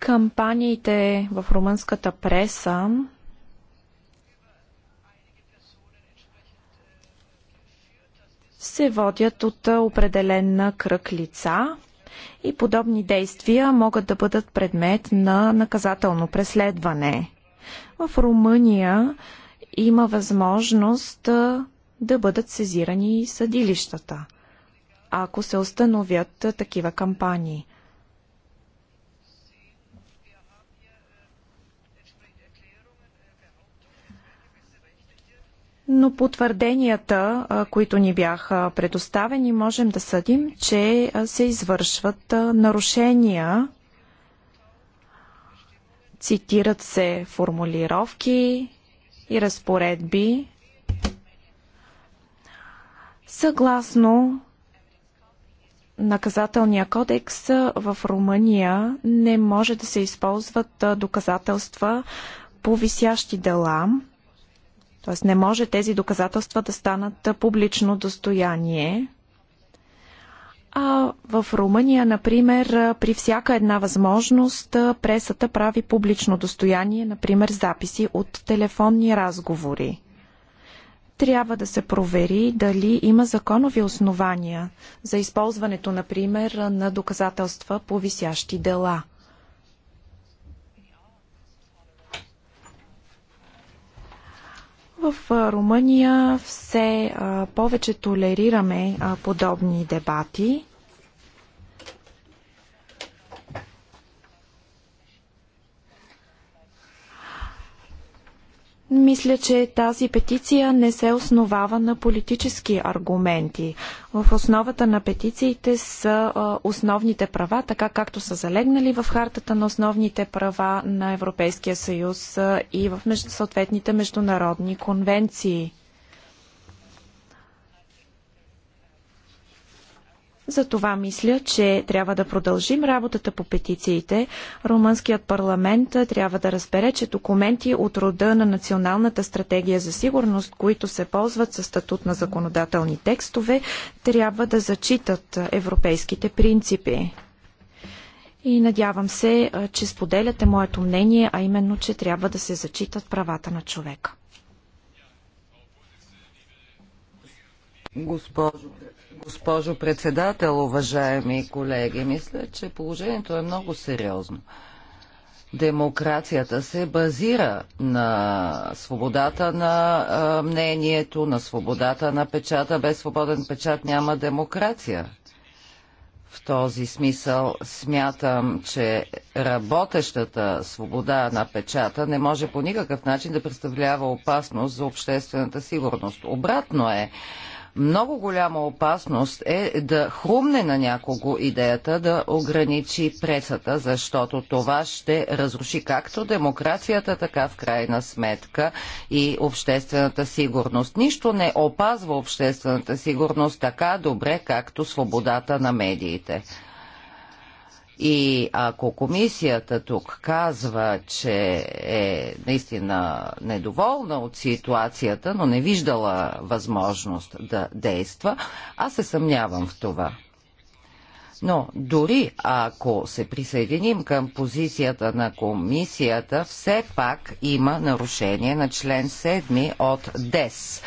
Кампаниите в румънската преса се водят от определен кръг лица и подобни действия могат да бъдат предмет на наказателно преследване. В Румъния има възможност да бъдат сезирани съдилищата, ако се установят такива кампании. но по твърденията, които ни бяха предоставени, можем да съдим, че се извършват нарушения. Цитират се формулировки и разпоредби, съгласно наказателния кодекс в Румъния не може да се използват доказателства по висящи дела, Тоест не може тези доказателства да станат публично достояние. А в Румъния, например, при всяка една възможност пресата прави публично достояние, например записи от телефонни разговори. Трябва да се провери дали има законови основания за използването, например, на доказателства по висящи дела. В Румъния все повече толерираме подобни дебати. Мисля, че тази петиция не се основава на политически аргументи. В основата на петициите са основните права, така както са залегнали в хартата на основните права на Европейския съюз и в съответните международни конвенции. Затова мисля, че трябва да продължим работата по петициите. Румънският парламент трябва да разбере, че документи от рода на Националната стратегия за сигурност, които се ползват със статут на законодателни текстове, трябва да зачитат европейските принципи. И надявам се, че споделяте моето мнение, а именно, че трябва да се зачитат правата на човека. Госпожо госпожо председател, уважаеми колеги. Мисля, че положението е много сериозно. Демокрацията се базира на свободата на а, мнението, на свободата на печата. Без свободен печат няма демокрация. В този смисъл смятам, че работещата свобода на печата не може по никакъв начин да представлява опасност за обществената сигурност. Обратно е много голяма опасност е да хрумне на някого идеята да ограничи пресата, защото това ще разруши както демокрацията, така в крайна сметка и обществената сигурност. Нищо не опазва обществената сигурност така добре, както свободата на медиите. И ако комисията тук казва, че е наистина недоволна от ситуацията, но не виждала възможност да действа, аз се съмнявам в това. Но дори ако се присъединим към позицията на комисията, все пак има нарушение на член 7 от ДЕС.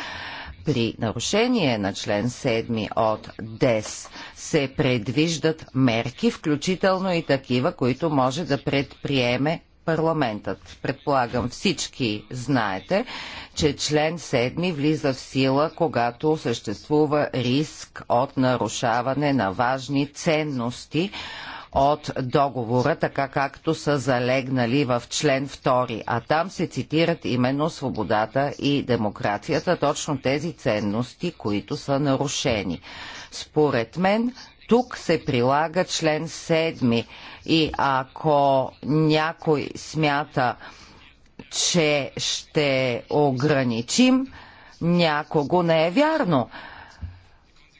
При нарушение на член 7 от ДЕС се предвиждат мерки, включително и такива, които може да предприеме парламентът. Предполагам всички знаете, че член 7 влиза в сила, когато съществува риск от нарушаване на важни ценности, от договора, така както са залегнали в член 2. А там се цитират именно свободата и демокрацията, точно тези ценности, които са нарушени. Според мен, тук се прилага член 7 и ако някой смята, че ще ограничим някого, не е вярно.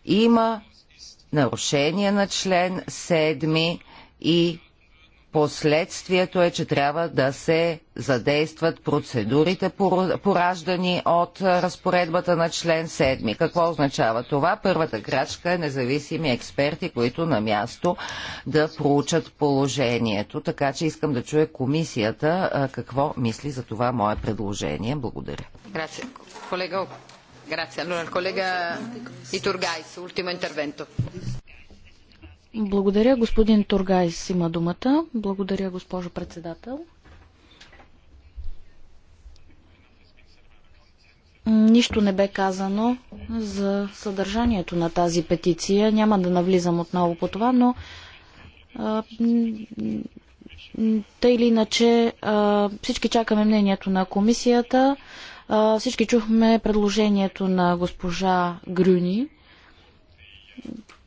Има нарушение на член 7 и последствието е, че трябва да се задействат процедурите, пораждани от разпоредбата на член 7. Какво означава това? Първата крачка е независими експерти, които на място да проучат положението. Така че искам да чуя комисията какво мисли за това мое предложение. Благодаря. Колега Grazie. Allora il collega Iturgais, ultimo intervento. Благодаря. Господин Тургайс има думата. Благодаря, госпожо председател. Нищо не бе казано за съдържанието на тази петиция. Няма да навлизам отново по това, но а, тъй или иначе а, всички чакаме мнението на комисията всички чухме предложението на госпожа Грюни.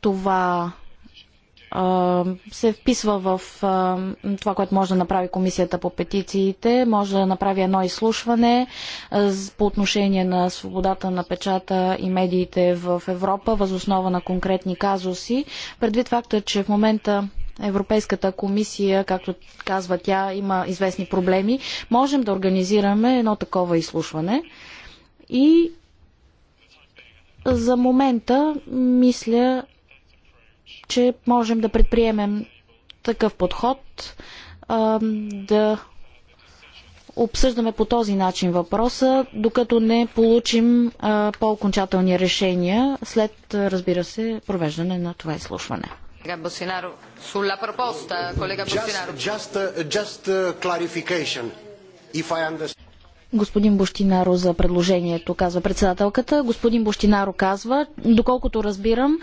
Това се вписва в това, което може да направи комисията по петициите. Може да направи едно изслушване по отношение на свободата на печата и медиите в Европа, възоснова на конкретни казуси. Предвид факта, че в момента Европейската комисия, както казва тя, има известни проблеми. Можем да организираме едно такова изслушване. И за момента мисля, че можем да предприемем такъв подход, да обсъждаме по този начин въпроса, докато не получим по-окончателни решения след, разбира се, провеждане на това изслушване. Господин Бощинаро за предложението, казва председателката. Господин Бощинаро казва, доколкото разбирам,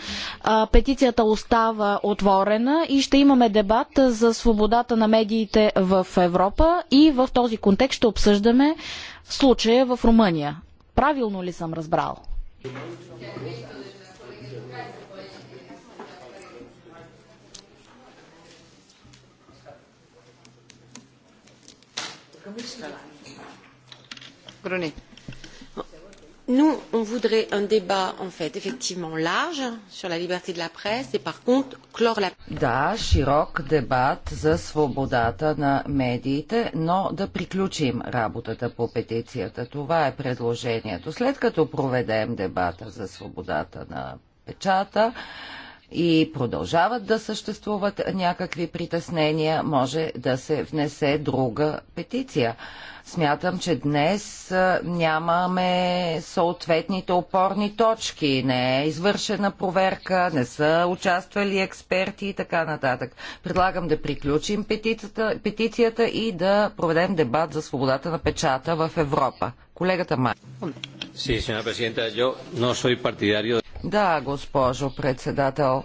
петицията остава отворена и ще имаме дебат за свободата на медиите в Европа и в този контекст ще обсъждаме случая в Румъния. Правилно ли съм разбрал? Nous, on voudrait un débat, en fait, effectivement large sur la liberté de la presse et par contre clore la... Да, широк дебат за свободата на медиите, но да приключим работата по петицията. Това е предложението. След като проведем дебата за свободата на печата, и продължават да съществуват някакви притеснения, може да се внесе друга петиция. Смятам, че днес нямаме съответните опорни точки, не е извършена проверка, не са участвали експерти и така нататък. Предлагам да приключим петицията, петицията и да проведем дебат за свободата на печата в Европа. Колегата Май. Да, госпожо председател.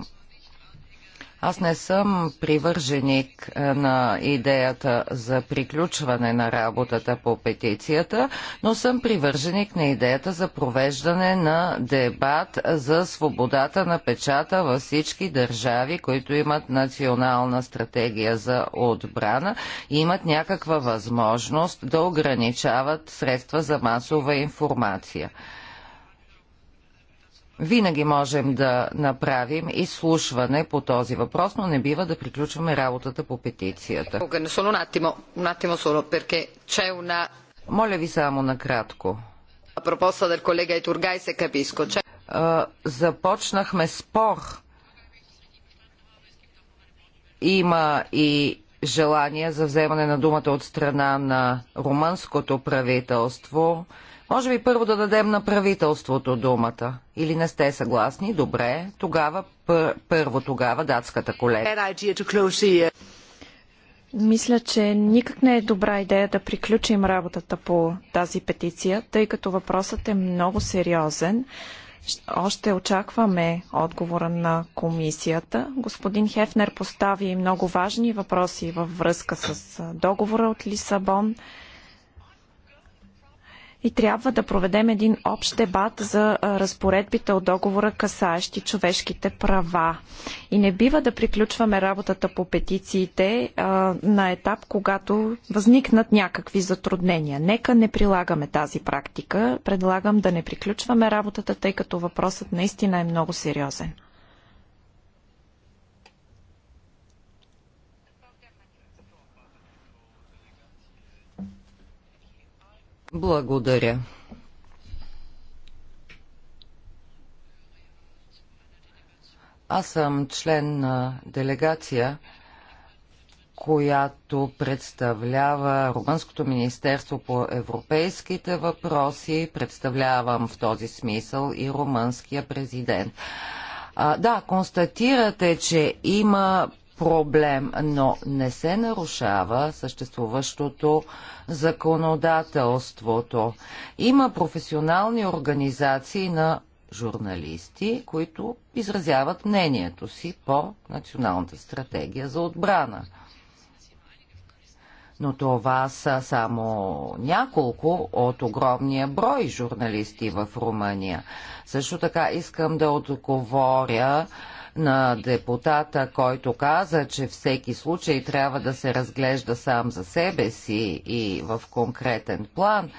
Аз не съм привърженик е, на идеята за приключване на работата по петицията, но съм привърженик на идеята за провеждане на дебат за свободата на печата във всички държави, които имат национална стратегия за отбрана и имат някаква възможност да ограничават средства за масова информация. Винаги можем да направим изслушване по този въпрос, но не бива да приключваме работата по петицията. Моля ви само накратко. E започнахме спор. Има и желание за вземане на думата от страна на румънското правителство. Може би първо да дадем на правителството думата. Или не сте съгласни? Добре. Тогава, пър, първо тогава датската колега. Uh, Мисля, че никак не е добра идея да приключим работата по тази петиция, тъй като въпросът е много сериозен. Още очакваме отговора на комисията. Господин Хефнер постави много важни въпроси във връзка с договора от Лисабон, и трябва да проведем един общ дебат за разпоредбите от договора, касаещи човешките права. И не бива да приключваме работата по петициите а, на етап, когато възникнат някакви затруднения. Нека не прилагаме тази практика. Предлагам да не приключваме работата, тъй като въпросът наистина е много сериозен. Благодаря. Аз съм член на делегация, която представлява Румънското министерство по европейските въпроси. Представлявам в този смисъл и румънския президент. А, да, констатирате, че има проблем, но не се нарушава съществуващото законодателството. Има професионални организации на журналисти, които изразяват мнението си по Националната стратегия за отбрана. Но това са само няколко от огромния брой журналисти в Румъния. Също така искам да отговоря на депутата, който каза, че всеки случай трябва да се разглежда сам за себе си и в конкретен план,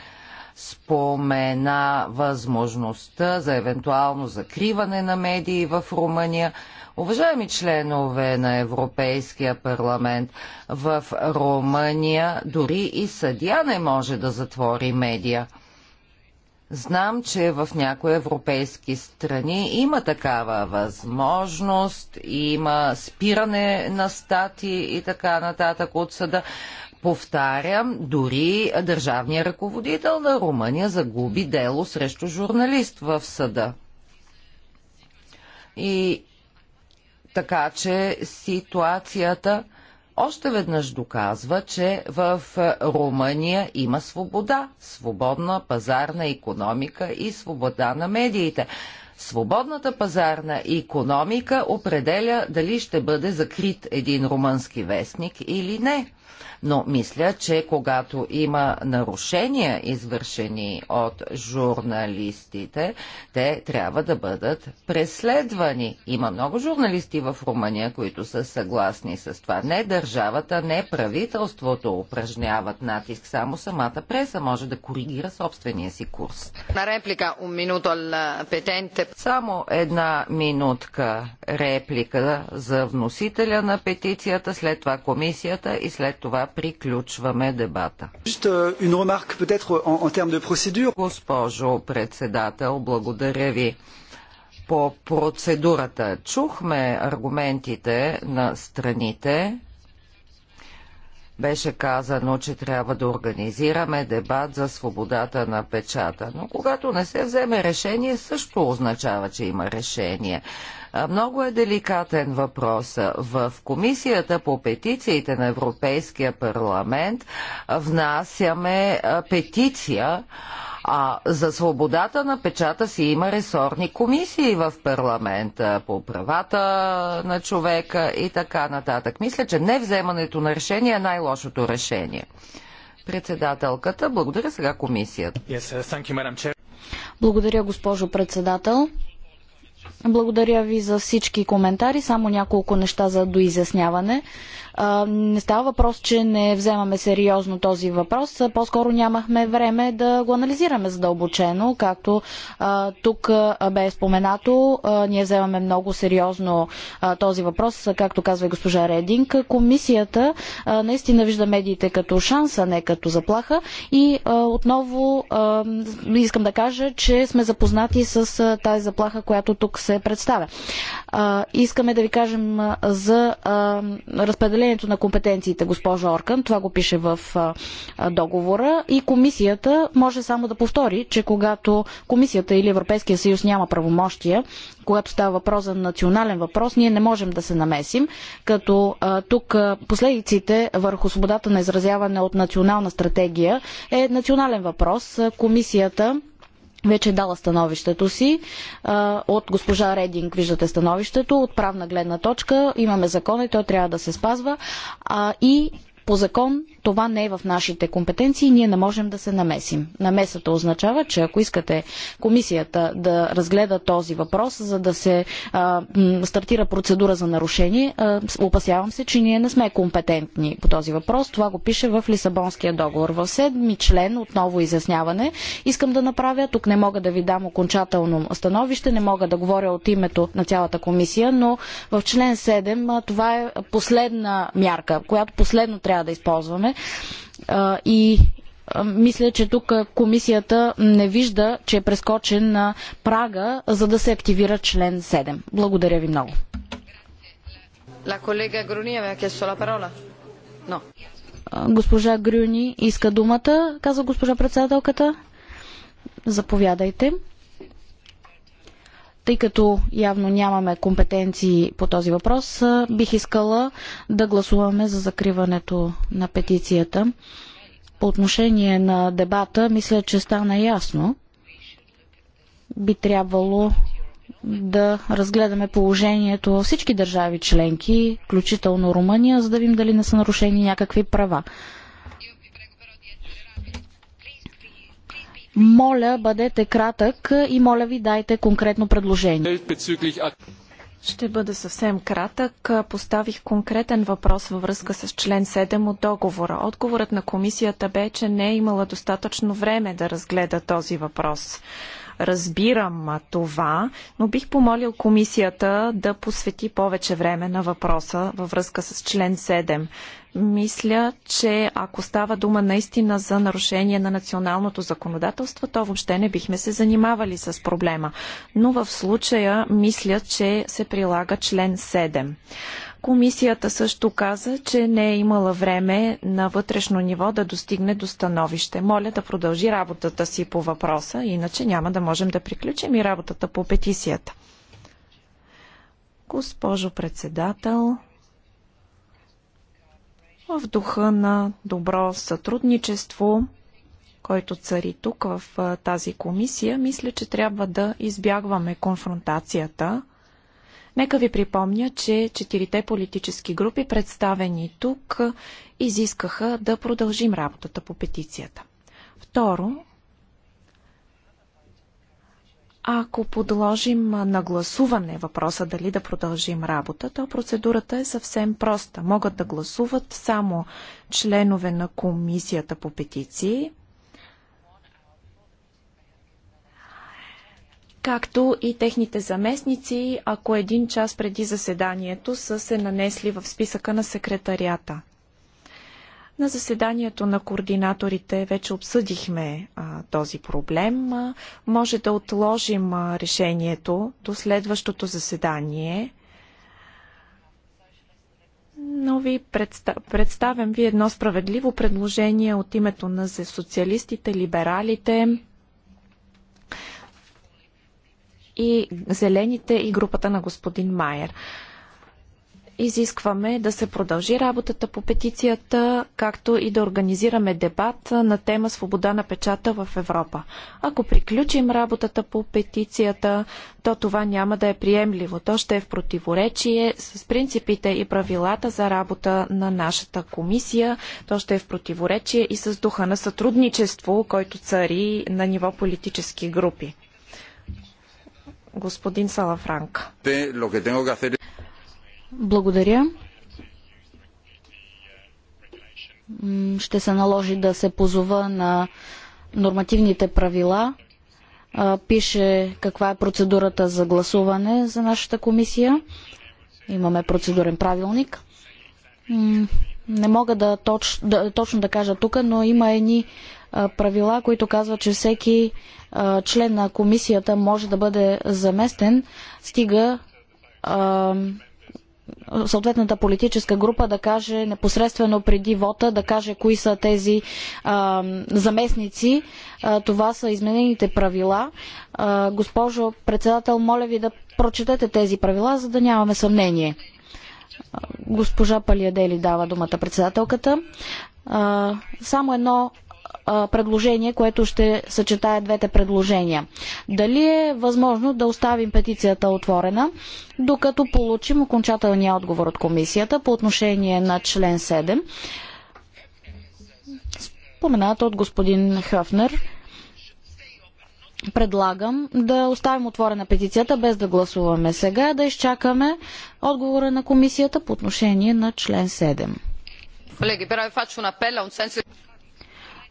спомена възможността за евентуално закриване на медии в Румъния. Уважаеми членове на Европейския парламент, в Румъния дори и съдя не може да затвори медия. Знам, че в някои европейски страни има такава възможност, има спиране на стати и така нататък от съда. Повтарям, дори държавният ръководител на Румъния загуби дело срещу журналист в съда. И така че ситуацията още веднъж доказва, че в е, Румъния има свобода, свободна пазарна економика и свобода на медиите. Свободната пазарна економика определя дали ще бъде закрит един румънски вестник или не. Но мисля, че когато има нарушения, извършени от журналистите, те трябва да бъдат преследвани. Има много журналисти в Румъния, които са съгласни с това. Не държавата, не правителството упражняват натиск, само самата преса може да коригира собствения си курс. На реплика, un minuto al petente. Само една минутка реплика за вносителя на петицията, след това комисията и след това приключваме дебата. Euh, Госпожо председател, благодаря ви. По процедурата чухме аргументите на страните, беше казано, че трябва да организираме дебат за свободата на печата. Но когато не се вземе решение, също означава, че има решение. Много е деликатен въпрос. В Комисията по петициите на Европейския парламент внасяме петиция а за свободата на печата си има ресорни комисии в парламента по правата на човека и така нататък. Мисля, че не вземането на решение е най-лошото решение. Председателката, благодаря сега комисията. Благодаря, госпожо председател. Благодаря ви за всички коментари. Само няколко неща за доизясняване. Не става въпрос, че не вземаме сериозно този въпрос. По-скоро нямахме време да го анализираме задълбочено, както тук бе споменато. Ние вземаме много сериозно този въпрос, както казва и госпожа Рединг. Комисията наистина вижда медиите като шанс, а не като заплаха. И отново искам да кажа, че сме запознати с тази заплаха, която тук се представя. Искаме да ви кажем за разпределението разпределението на компетенциите, госпожо Оркан, това го пише в договора и комисията може само да повтори, че когато комисията или Европейския съюз няма правомощия, когато става въпрос за национален въпрос, ние не можем да се намесим, като тук последиците върху свободата на изразяване от национална стратегия е национален въпрос. Комисията вече е дала становището си. От госпожа Рединг виждате становището. От правна гледна точка имаме закон и той трябва да се спазва. И по закон това не е в нашите компетенции и ние не можем да се намесим. Намесата означава, че ако искате комисията да разгледа този въпрос, за да се а, стартира процедура за нарушение, а, опасявам се, че ние не сме компетентни по този въпрос. Това го пише в Лисабонския договор. В седми член, отново изясняване, искам да направя, тук не мога да ви дам окончателно становище, не мога да говоря от името на цялата комисия, но в член 7 това е последна мярка, която последно трябва да използваме и мисля, че тук комисията не вижда, че е прескочен на прага, за да се активира член 7. Благодаря ви много. Госпожа Грюни иска думата, каза госпожа председателката. Заповядайте. Тъй като явно нямаме компетенции по този въпрос, бих искала да гласуваме за закриването на петицията. По отношение на дебата, мисля, че стана ясно. Би трябвало да разгледаме положението във всички държави членки, включително Румъния, за да видим дали не са нарушени някакви права. Моля, бъдете кратък и моля ви дайте конкретно предложение. Ще бъда съвсем кратък. Поставих конкретен въпрос във връзка с член 7 от договора. Отговорът на комисията бе, че не е имала достатъчно време да разгледа този въпрос. Разбирам това, но бих помолил комисията да посвети повече време на въпроса във връзка с член 7. Мисля, че ако става дума наистина за нарушение на националното законодателство, то въобще не бихме се занимавали с проблема. Но в случая мисля, че се прилага член 7. Комисията също каза, че не е имала време на вътрешно ниво да достигне до становище. Моля да продължи работата си по въпроса, иначе няма да можем да приключим и работата по петицията. Госпожо председател, в духа на добро сътрудничество, който цари тук в тази комисия, мисля, че трябва да избягваме конфронтацията. Нека ви припомня, че четирите политически групи, представени тук, изискаха да продължим работата по петицията. Второ, ако подложим на гласуване въпроса дали да продължим работа, то процедурата е съвсем проста. Могат да гласуват само членове на комисията по петиции, както и техните заместници, ако един час преди заседанието са се нанесли в списъка на секретарията. На заседанието на координаторите вече обсъдихме а, този проблем. А, може да отложим а, решението до следващото заседание. Но ви предста... представям ви едно справедливо предложение от името на социалистите, либералите и зелените и групата на господин Майер. Изискваме да се продължи работата по петицията, както и да организираме дебат на тема Свобода на печата в Европа. Ако приключим работата по петицията, то това няма да е приемливо. То ще е в противоречие с принципите и правилата за работа на нашата комисия. То ще е в противоречие и с духа на сътрудничество, който цари на ниво политически групи господин Салафранк. Благодаря. Ще се наложи да се позова на нормативните правила. Пише каква е процедурата за гласуване за нашата комисия. Имаме процедурен правилник. Не мога да, точ, да точно да кажа тук, но има едни правила, които казват, че всеки член на комисията може да бъде заместен, стига съответната политическа група да каже непосредствено преди вота, да каже кои са тези а, заместници. А, това са изменените правила. А, госпожо председател, моля ви да прочетете тези правила, за да нямаме съмнение. Госпожа Палиадели дава думата председателката. А, само едно предложение, което ще съчетае двете предложения. Дали е възможно да оставим петицията отворена, докато получим окончателния отговор от комисията по отношение на член 7, спомената от господин Хъфнер, предлагам да оставим отворена петицията без да гласуваме сега, да изчакаме отговора на комисията по отношение на член 7. Колеги, però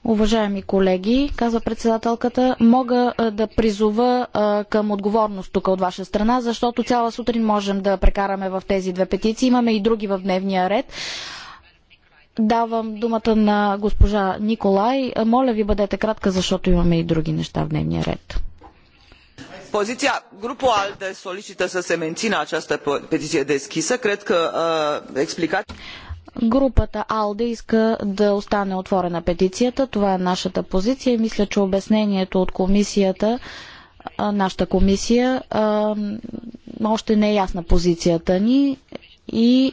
Уважаеми колеги, казва председателката, мога да призова към отговорност тук от ваша страна, защото цяла сутрин можем да прекараме в тези две петиции. Имаме и други в дневния ред. Давам думата на госпожа Николай. Моля ви, бъдете кратка, защото имаме и други неща в дневния ред. Poziția, grupul ALDE solicită să se mențină această petiție deschisă. Cred că uh, explicați. Групата АЛДЕ иска да остане отворена петицията. Това е нашата позиция и мисля, че обяснението от комисията, нашата комисия, още не е ясна позицията ни и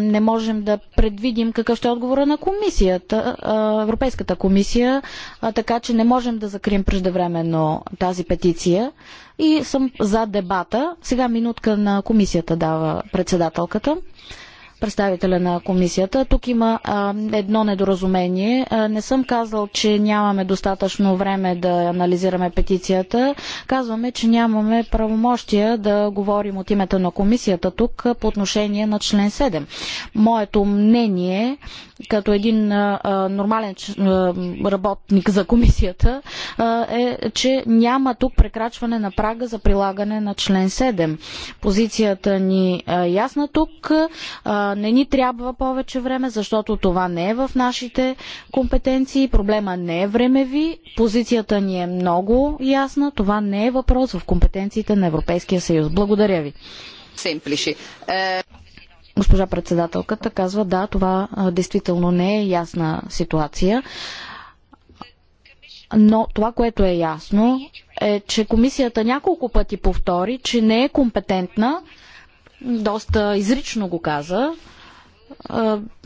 не можем да предвидим какъв ще е отговора на комисията, Европейската комисия, така че не можем да закрием преждевременно тази петиция и съм за дебата. Сега минутка на комисията дава председателката представителя на комисията. Тук има а, едно недоразумение. А, не съм казал, че нямаме достатъчно време да анализираме петицията. Казваме, че нямаме правомощия да говорим от името на комисията тук по отношение на член 7. Моето мнение като един а, нормален а, работник за комисията а, е, че няма тук прекрачване на прага за прилагане на член 7. Позицията ни е ясна тук. А, не ни трябва повече време, защото това не е в нашите компетенции, проблема не е времеви, позицията ни е много ясна, това не е въпрос в компетенциите на Европейския съюз. Благодаря ви. Е, Госпожа председателката казва, да, това действително не е ясна ситуация. Но това, което е ясно, е, че комисията няколко пъти повтори, че не е компетентна доста изрично го каза.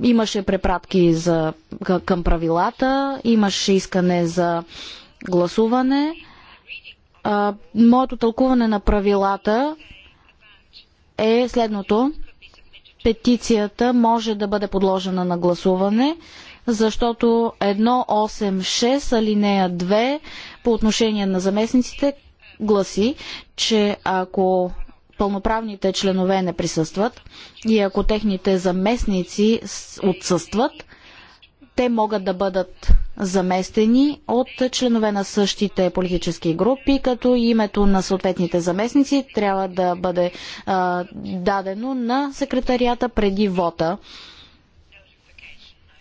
Имаше препратки за, към правилата, имаше искане за гласуване. Моето тълкуване на правилата е следното. Петицията може да бъде подложена на гласуване, защото 186 алинея 2 по отношение на заместниците гласи, че ако пълноправните членове не присъстват и ако техните заместници отсъстват, те могат да бъдат заместени от членове на същите политически групи, като името на съответните заместници трябва да бъде а, дадено на секретарията преди вота.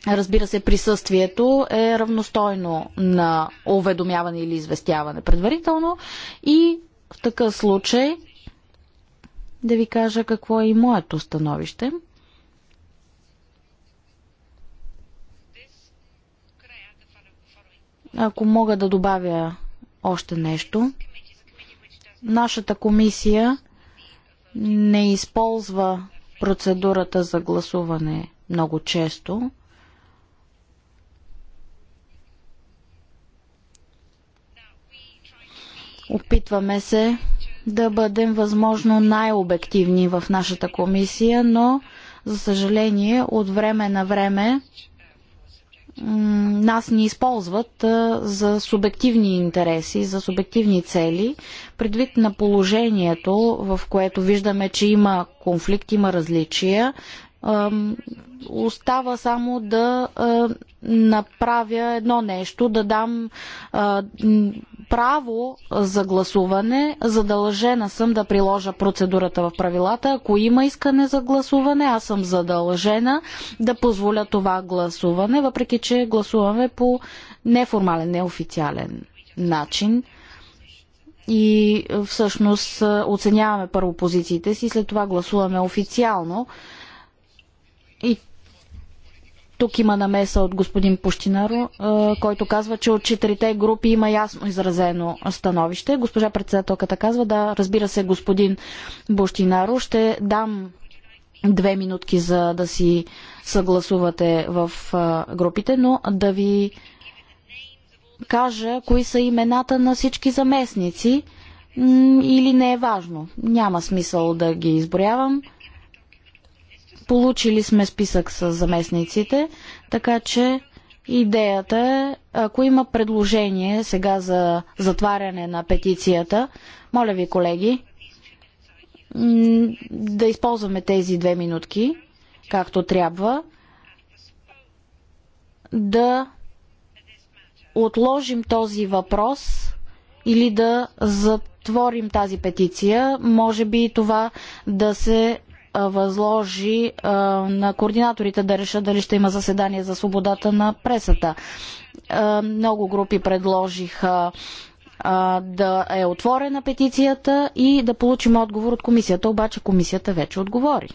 Разбира се, присъствието е равностойно на уведомяване или известяване предварително и в такъв случай да ви кажа какво е и моето становище. Ако мога да добавя още нещо, нашата комисия не използва процедурата за гласуване много често. Опитваме се да бъдем възможно най-обективни в нашата комисия, но за съжаление от време на време нас ни използват за субективни интереси, за субективни цели, предвид на положението, в което виждаме, че има конфликт, има различия, остава само да направя едно нещо, да дам право за гласуване, задължена съм да приложа процедурата в правилата. Ако има искане за гласуване, аз съм задължена да позволя това гласуване, въпреки че гласуваме по неформален, неофициален начин и всъщност оценяваме първо позициите си, след това гласуваме официално. Тук има намеса от господин Пущинаро, който казва, че от четирите групи има ясно изразено становище. Госпожа председателката казва, да, разбира се, господин Пущинаро, ще дам две минутки за да си съгласувате в групите, но да ви кажа кои са имената на всички заместници или не е важно. Няма смисъл да ги изброявам. Получили сме списък с заместниците, така че идеята е, ако има предложение сега за затваряне на петицията, моля ви, колеги, да използваме тези две минутки, както трябва, да отложим този въпрос или да затворим тази петиция. Може би това да се възложи на координаторите да решат дали ще има заседание за свободата на пресата. Много групи предложиха да е отворена петицията и да получим отговор от комисията, обаче комисията вече отговори.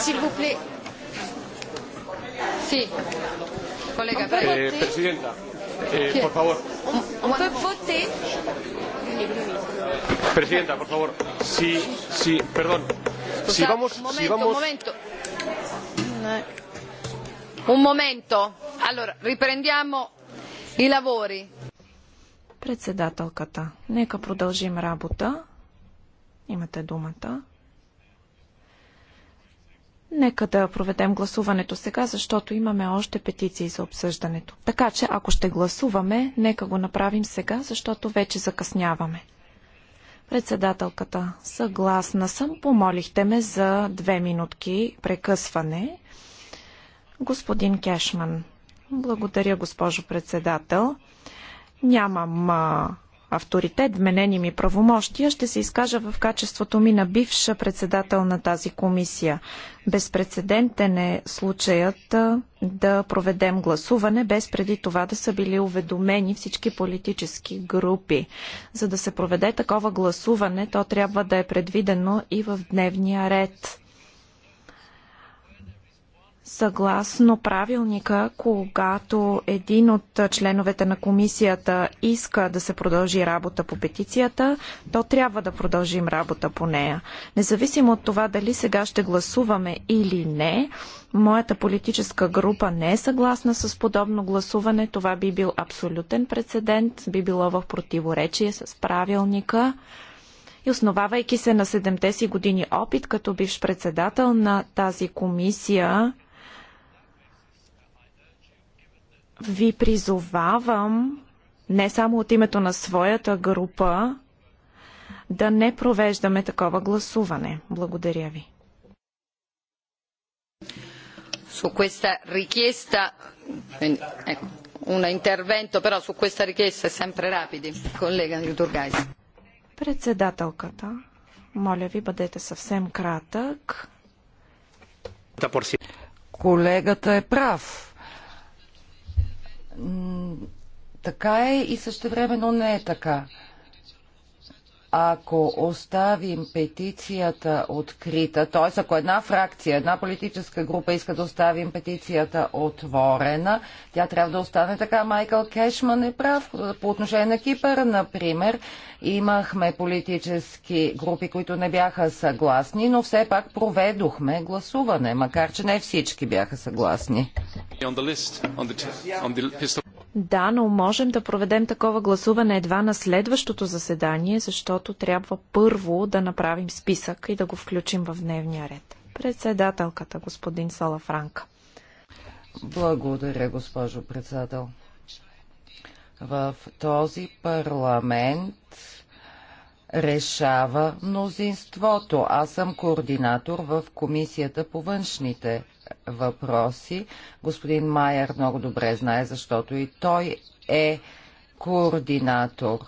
S'il vous plaît. eh, Presidenta, eh, por favor. On peut voter. Presidenta, por favor. perdón. Si vamos, si vamos... Un momento. Un momento. Allora, riprendiamo i lavori. Председателката, нека продължим работа. Имате думата. Нека да проведем гласуването сега, защото имаме още петиции за обсъждането. Така че, ако ще гласуваме, нека го направим сега, защото вече закъсняваме. Председателката, съгласна съм, помолихте ме за две минутки прекъсване. Господин Кешман, благодаря, госпожо председател. Нямам авторитет, вменени ми правомощия, ще се изкажа в качеството ми на бивша председател на тази комисия. Безпредседентен е случаят да проведем гласуване, без преди това да са били уведомени всички политически групи. За да се проведе такова гласуване, то трябва да е предвидено и в дневния ред. Съгласно правилника, когато един от членовете на комисията иска да се продължи работа по петицията, то трябва да продължим работа по нея. Независимо от това дали сега ще гласуваме или не, моята политическа група не е съгласна с подобно гласуване. Това би бил абсолютен прецедент, би било в противоречие с правилника и основавайки се на седемте си години опит като бивш председател на тази комисия, ви призовавам не само от името на своята група да не провеждаме такова гласуване. Благодаря ви. Su questa richiesta, eh, ecco, un intervento però su questa richiesta è sempre rapidi. Collega Председателката, моля ви, бъдете съвсем кратък. Колегата е прав така е и същевременно не е така. Ако оставим петицията открита, т.е. ако една фракция, една политическа група иска да оставим петицията отворена, тя трябва да остане така. Майкъл Кешман е прав по отношение на Кипър, например. Имахме политически групи, които не бяха съгласни, но все пак проведохме гласуване, макар че не всички бяха съгласни. Да, но можем да проведем такова гласуване едва на следващото заседание, защото трябва първо да направим списък и да го включим в дневния ред. Председателката, господин Салафранка. Благодаря, госпожо председател в този парламент решава мнозинството. Аз съм координатор в Комисията по външните въпроси. Господин Майер много добре знае, защото и той е координатор.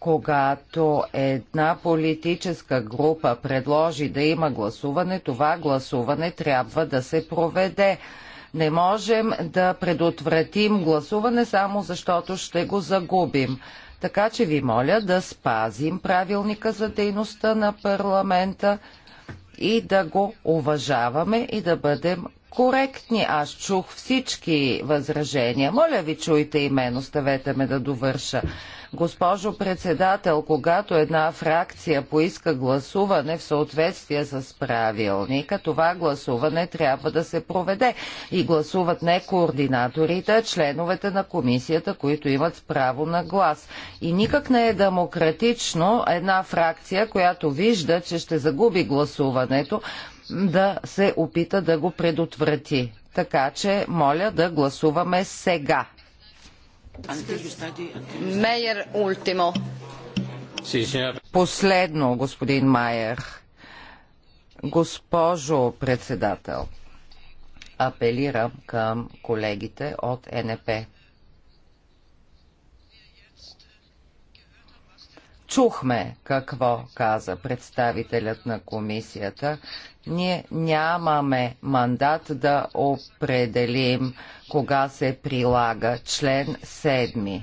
Когато една политическа група предложи да има гласуване, това гласуване трябва да се проведе. Не можем да предотвратим гласуване само защото ще го загубим. Така че ви моля да спазим правилника за дейността на парламента и да го уважаваме и да бъдем коректни. Аз чух всички възражения. Моля ви, чуйте и мен, оставете ме да довърша. Госпожо председател, когато една фракция поиска гласуване в съответствие с правилника, това гласуване трябва да се проведе. И гласуват не координаторите, а членовете на комисията, които имат право на глас. И никак не е демократично една фракция, която вижда, че ще загуби гласуването, да се опита да го предотврати. Така че, моля да гласуваме сега. Мейер Ултимо. Последно, господин Майер. Госпожо председател, апелирам към колегите от НП. Чухме какво каза представителят на комисията ние нямаме мандат да определим кога се прилага член 7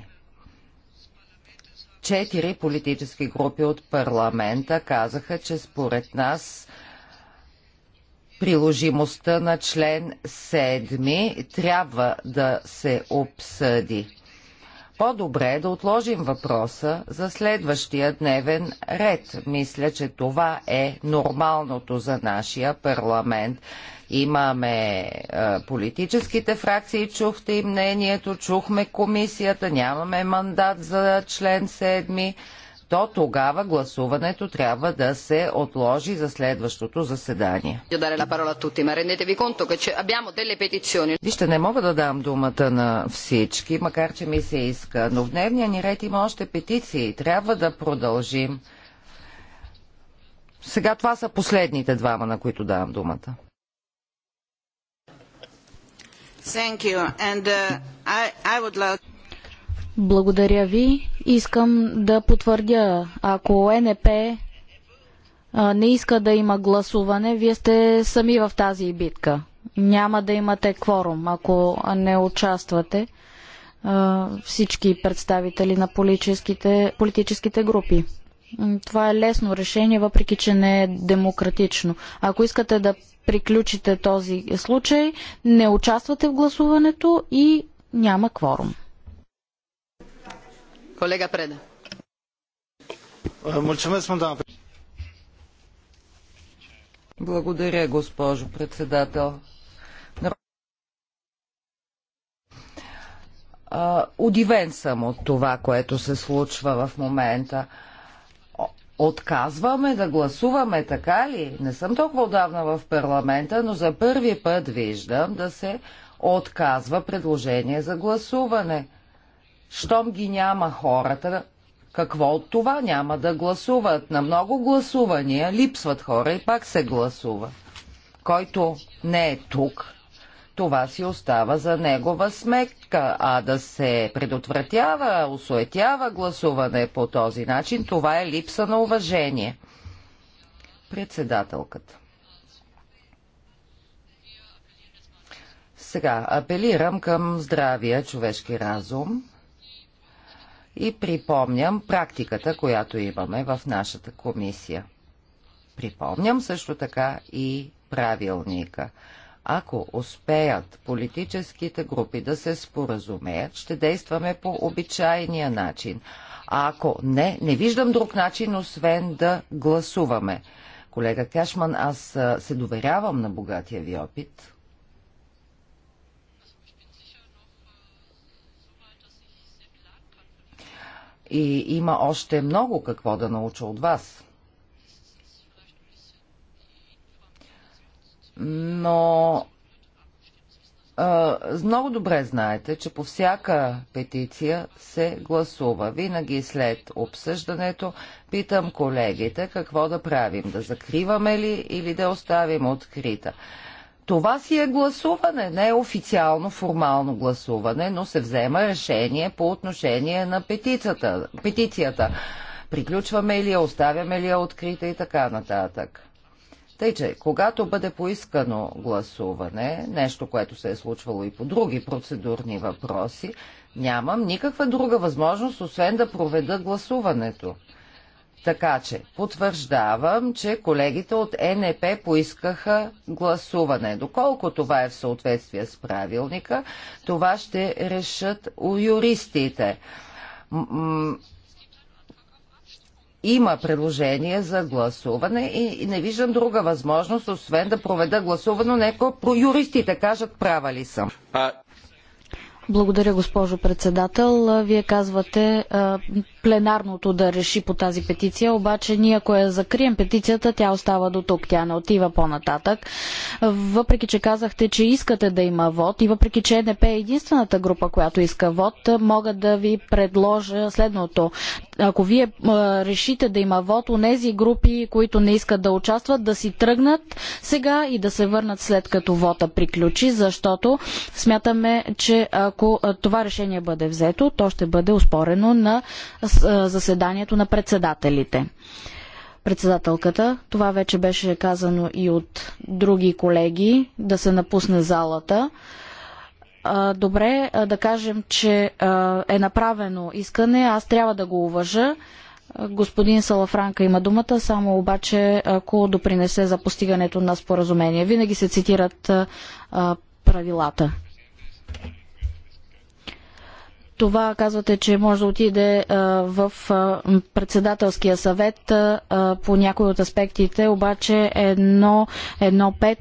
четири политически групи от парламента казаха, че според нас приложимостта на член 7 трябва да се обсъди. По-добре е да отложим въпроса за следващия дневен ред. Мисля, че това е нормалното за нашия парламент. Имаме е, политическите фракции, чухте и мнението, чухме комисията, нямаме мандат за член 7 то тогава гласуването трябва да се отложи за следващото заседание. Вижте, не мога да дам думата на всички, макар че ми се иска, но в дневния ни ред има още петиции. Трябва да продължим. Сега това са последните двама, на които давам думата. Thank you. And, uh, I, I would love... Благодаря ви. Искам да потвърдя, ако НП не иска да има гласуване, вие сте сами в тази битка. Няма да имате кворум, ако не участвате всички представители на политическите, политическите групи. Това е лесно решение, въпреки че не е демократично. Ако искате да приключите този случай, не участвате в гласуването и няма кворум. Благодаря, госпожо председател. Удивен съм от това, което се случва в момента. Отказваме да гласуваме, така ли? Не съм толкова отдавна в парламента, но за първи път виждам да се отказва предложение за гласуване щом ги няма хората, какво от това няма да гласуват? На много гласувания липсват хора и пак се гласува. Който не е тук, това си остава за негова сметка, а да се предотвратява, осуетява гласуване по този начин, това е липса на уважение. Председателката. Сега апелирам към здравия човешки разум и припомням практиката, която имаме в нашата комисия. Припомням също така и правилника. Ако успеят политическите групи да се споразумеят, ще действаме по обичайния начин. А ако не, не виждам друг начин, освен да гласуваме. Колега Кашман, аз се доверявам на богатия ви опит. И има още много какво да науча от вас. Но много добре знаете, че по всяка петиция се гласува. Винаги след обсъждането питам колегите какво да правим. Да закриваме ли или да оставим открита това си е гласуване, не е официално формално гласуване, но се взема решение по отношение на петицията. петицията. Приключваме ли я, оставяме ли я открита и така нататък. Тъй, че когато бъде поискано гласуване, нещо, което се е случвало и по други процедурни въпроси, нямам никаква друга възможност, освен да проведа гласуването. Така че потвърждавам, че колегите от НЕП поискаха гласуване. Доколко това е в съответствие с правилника, това ще решат у юристите. Има предложение за гласуване и не виждам друга възможност, освен да проведа гласуване, нека юристите кажат права ли съм. Благодаря, госпожо председател. Вие казвате, пленарното да реши по тази петиция, обаче ние ако я закрием петицията, тя остава до тук, тя не отива по-нататък. Въпреки, че казахте, че искате да има вод и въпреки, че е НП е единствената група, която иска вод, мога да ви предложа следното. Ако вие решите да има вод, у нези групи, които не искат да участват, да си тръгнат сега и да се върнат след като вота приключи, защото смятаме, че ако това решение бъде взето, то ще бъде успорено на заседанието на председателите. Председателката, това вече беше казано и от други колеги, да се напусне залата добре да кажем, че е направено искане, аз трябва да го уважа. Господин Салафранка има думата, само обаче ако допринесе за постигането на споразумение. Винаги се цитират правилата. Това казвате, че може да отиде в председателския съвет по някои от аспектите, обаче едно, едно пет,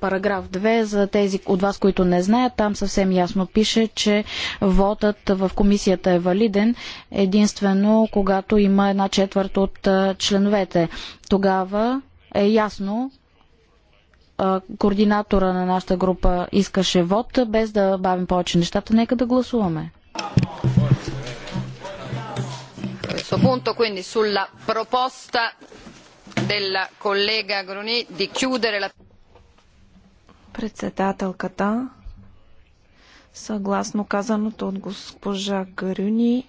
параграф 2, за тези от вас, които не знаят, там съвсем ясно пише, че вотът в комисията е валиден единствено когато има една четвърт от членовете. Тогава е ясно, координатора на нашата група искаше вод, без да бавим повече нещата, нека да гласуваме questo punto quindi sulla proposta collega di chiudere la Председателката, съгласно казаното от госпожа Грюни,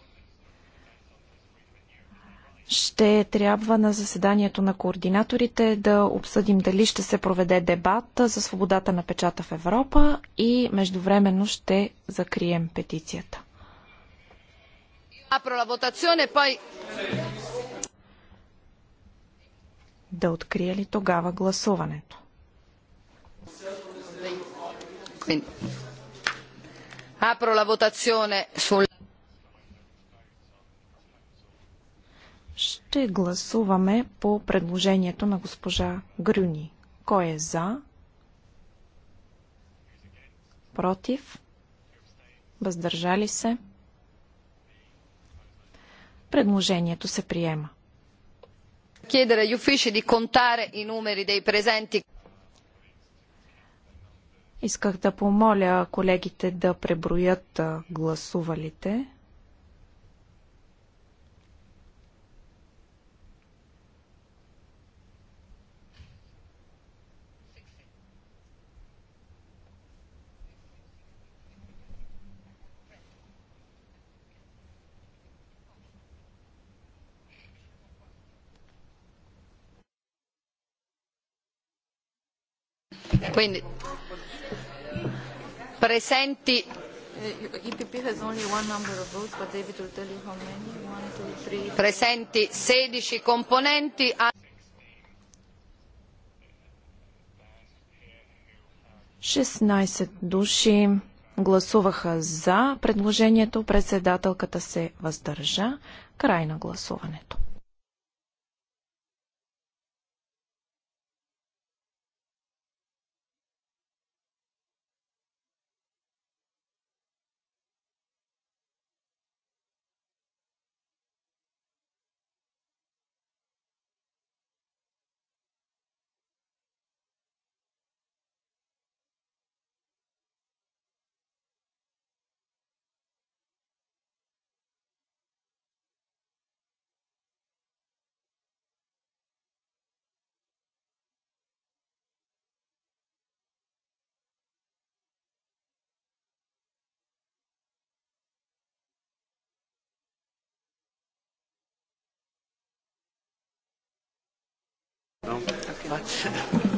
ще трябва на заседанието на координаторите да обсъдим дали ще се проведе дебат за свободата на печата в Европа и междувременно ще закрием петицията. Апро la votazione, poi... Да открие ли тогава гласуването? Апро la votazione sul... Ще гласуваме по предложението на госпожа Грюни. Кой е за? Против? Въздържали се? Предложението се приема. Исках да помоля колегите да преброят гласувалите. Quindi, presenti. Eh, e presenti 16 componenti. A... души гласуваха за предложението, председателката се въздържа. Край на гласуването. No? Okay.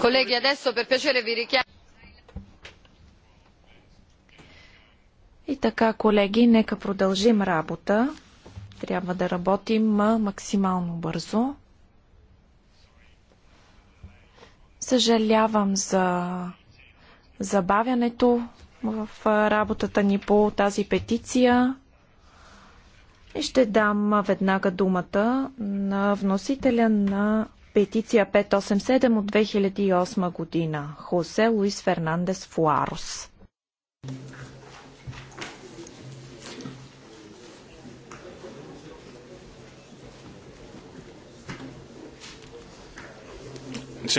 Колеги, adesso per piacere ви richiamo. И така, колеги, нека продължим работа. Трябва да работим максимално бързо. Съжалявам за забавянето в работата ни по тази петиция. И ще дам веднага думата на вносителя на петиция 587 от 2008 година. Хосе Луис Фернандес Фуарос.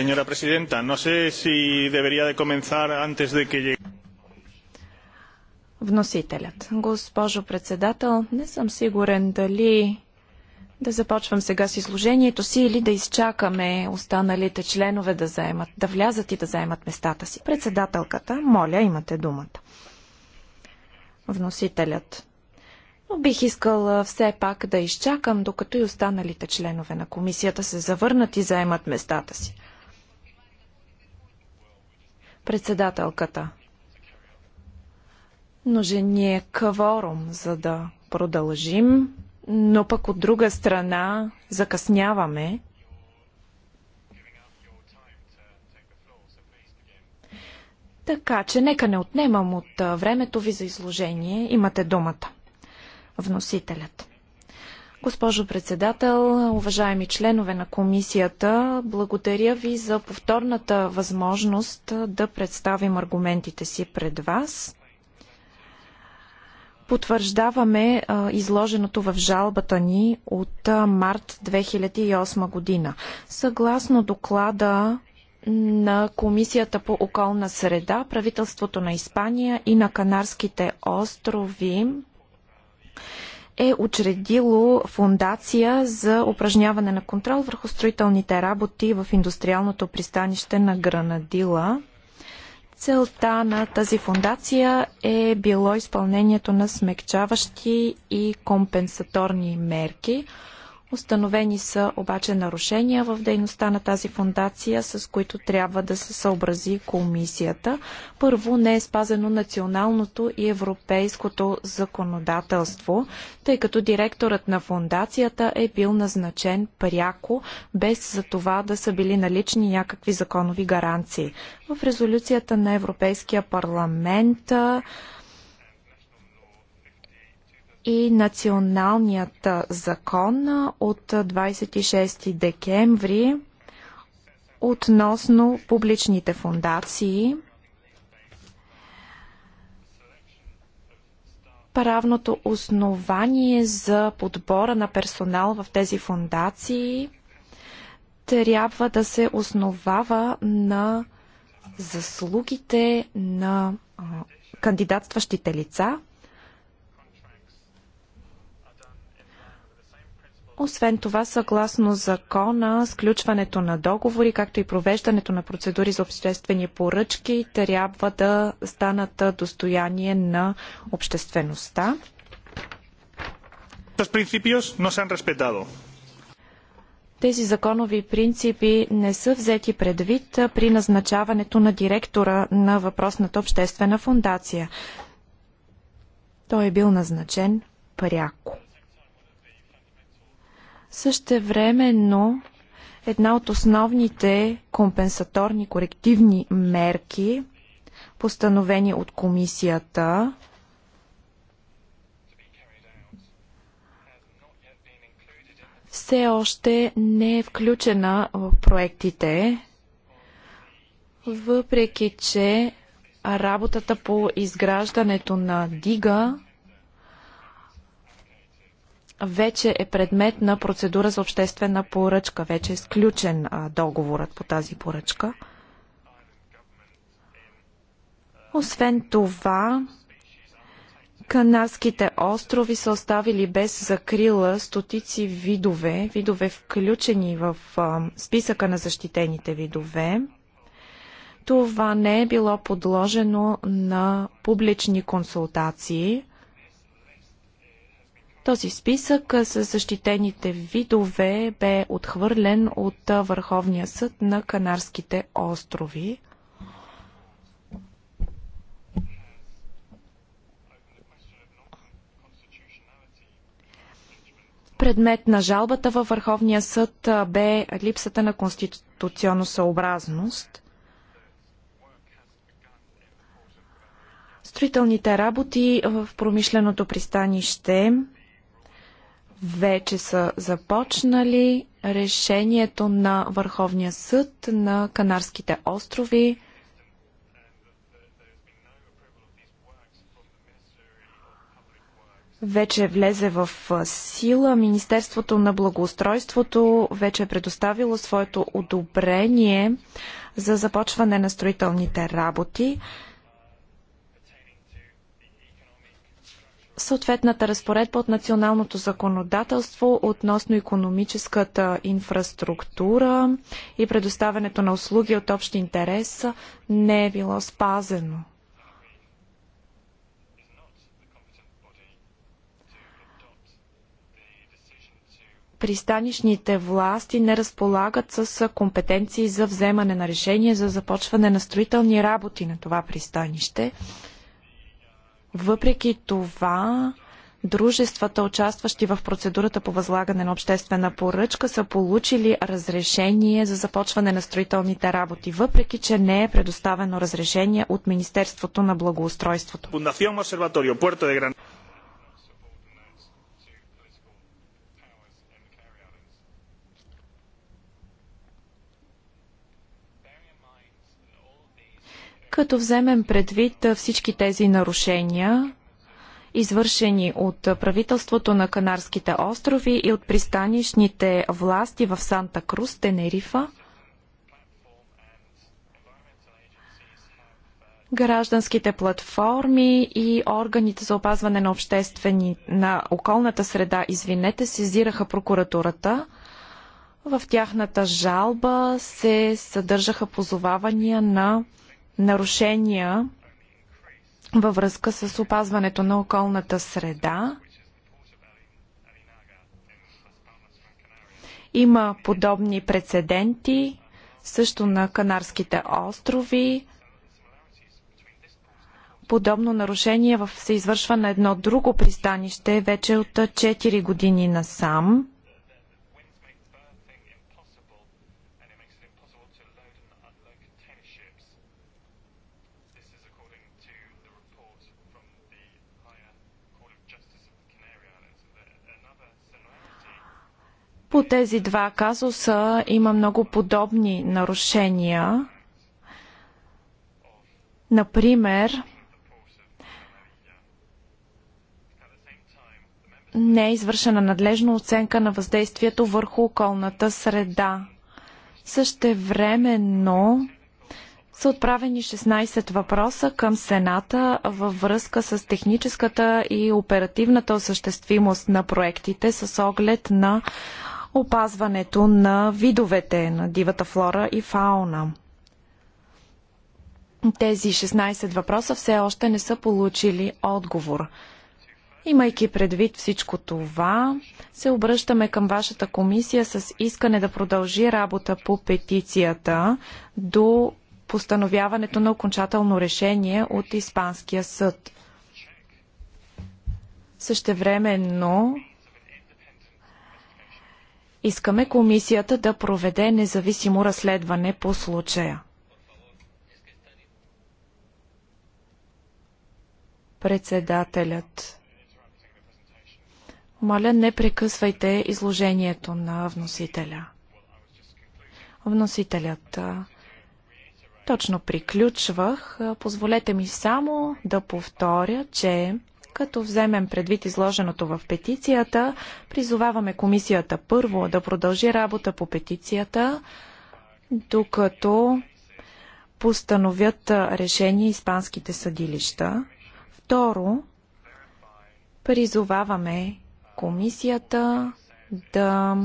Señora presidenta, no sé si debería de comenzar antes de que llegue. Вносителят. Госпожо председател, не съм сигурен дали да започвам сега с изложението си или да изчакаме останалите членове да, заемат, да влязат и да заемат местата си. Председателката, моля, имате думата. Вносителят. Но бих искал все пак да изчакам, докато и останалите членове на комисията се завърнат и заемат местата си. Председателката. Нужен ни е кворум, за да продължим но пък от друга страна закъсняваме. Така че нека не отнемам от времето ви за изложение. Имате думата. Вносителят. Госпожо председател, уважаеми членове на комисията, благодаря ви за повторната възможност да представим аргументите си пред вас потвърждаваме а, изложеното в жалбата ни от а, март 2008 година. Съгласно доклада на Комисията по околна среда, правителството на Испания и на Канарските острови е учредило фундация за упражняване на контрол върху строителните работи в индустриалното пристанище на Гранадила – Целта на тази фундация е било изпълнението на смягчаващи и компенсаторни мерки – Установени са обаче нарушения в дейността на тази фундация, с които трябва да се съобрази комисията. Първо, не е спазено националното и европейското законодателство, тъй като директорът на фундацията е бил назначен пряко, без за това да са били налични някакви законови гаранции. В резолюцията на Европейския парламент и националният закон от 26 декември относно публичните фундации. правното основание за подбора на персонал в тези фундации трябва да се основава на заслугите на кандидатстващите лица Освен това, съгласно закона, сключването на договори, както и провеждането на процедури за обществени поръчки, трябва да станат достояние на обществеността. Тези законови принципи не са взети предвид при назначаването на директора на въпросната обществена фундация. Той е бил назначен пряко но една от основните компенсаторни корективни мерки, постановени от комисията, все още не е включена в проектите, въпреки че работата по изграждането на дига вече е предмет на процедура за обществена поръчка. Вече е сключен а, договорът по тази поръчка. Освен това, Канарските острови са оставили без закрила стотици видове, видове включени в а, списъка на защитените видове. Това не е било подложено на публични консултации. Този списък с защитените видове бе отхвърлен от Върховния съд на Канарските острови. Предмет на жалбата във Върховния съд бе липсата на съобразност, Строителните работи в промишленото пристанище вече са започнали решението на Върховния съд на Канарските острови. Вече влезе в сила. Министерството на благоустройството вече е предоставило своето одобрение за започване на строителните работи. съответната разпоредба от националното законодателство относно економическата инфраструктура и предоставянето на услуги от общ интерес не е било спазено. пристанищните власти не разполагат с компетенции за вземане на решение за започване на строителни работи на това пристанище. Въпреки това, дружествата, участващи в процедурата по възлагане на обществена поръчка, са получили разрешение за започване на строителните работи, въпреки че не е предоставено разрешение от Министерството на благоустройството. Като вземем предвид всички тези нарушения, извършени от правителството на Канарските острови и от пристанищните власти в Санта Крус, Тенерифа, гражданските платформи и органите за опазване на обществени на околната среда, извинете, сезираха прокуратурата. В тяхната жалба се съдържаха позовавания на нарушения във връзка с опазването на околната среда. Има подобни прецеденти също на Канарските острови. Подобно нарушение се извършва на едно друго пристанище вече от 4 години насам. По тези два казуса има много подобни нарушения. Например, не е извършена надлежна оценка на въздействието върху околната среда. Същевременно са отправени 16 въпроса към Сената във връзка с техническата и оперативната осъществимост на проектите с оглед на опазването на видовете на дивата флора и фауна. Тези 16 въпроса все още не са получили отговор. Имайки предвид всичко това, се обръщаме към вашата комисия с искане да продължи работа по петицията до постановяването на окончателно решение от Испанския съд. Същевременно Искаме комисията да проведе независимо разследване по случая. Председателят. Моля, не прекъсвайте изложението на вносителя. Вносителят. Точно приключвах. Позволете ми само да повторя, че като вземем предвид изложеното в петицията, призоваваме комисията първо да продължи работа по петицията, докато постановят решение испанските съдилища. Второ, призоваваме комисията да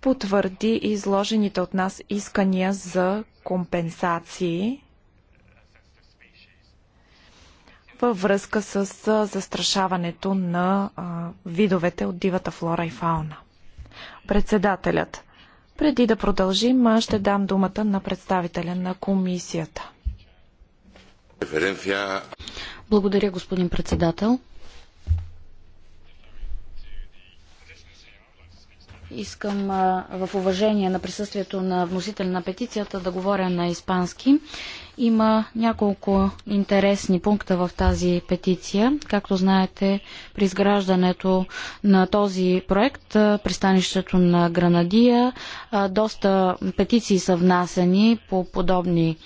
потвърди изложените от нас искания за компенсации във връзка с застрашаването на видовете от дивата флора и фауна. Председателят. Преди да продължим, ще дам думата на представителя на комисията. Благодаря, господин председател. Искам в уважение на присъствието на вносителя на петицията да говоря на испански. Има няколко интересни пункта в тази петиция. Както знаете, при изграждането на този проект, пристанището на Гранадия, доста петиции са внасени по подобни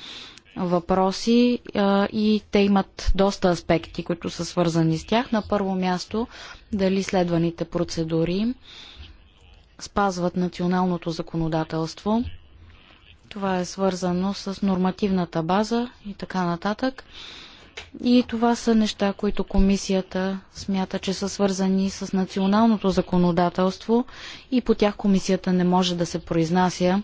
въпроси а, и те имат доста аспекти, които са свързани с тях. На първо място, дали следваните процедури спазват националното законодателство. Това е свързано с нормативната база и така нататък. И това са неща, които комисията смята, че са свързани с националното законодателство и по тях комисията не може да се произнася,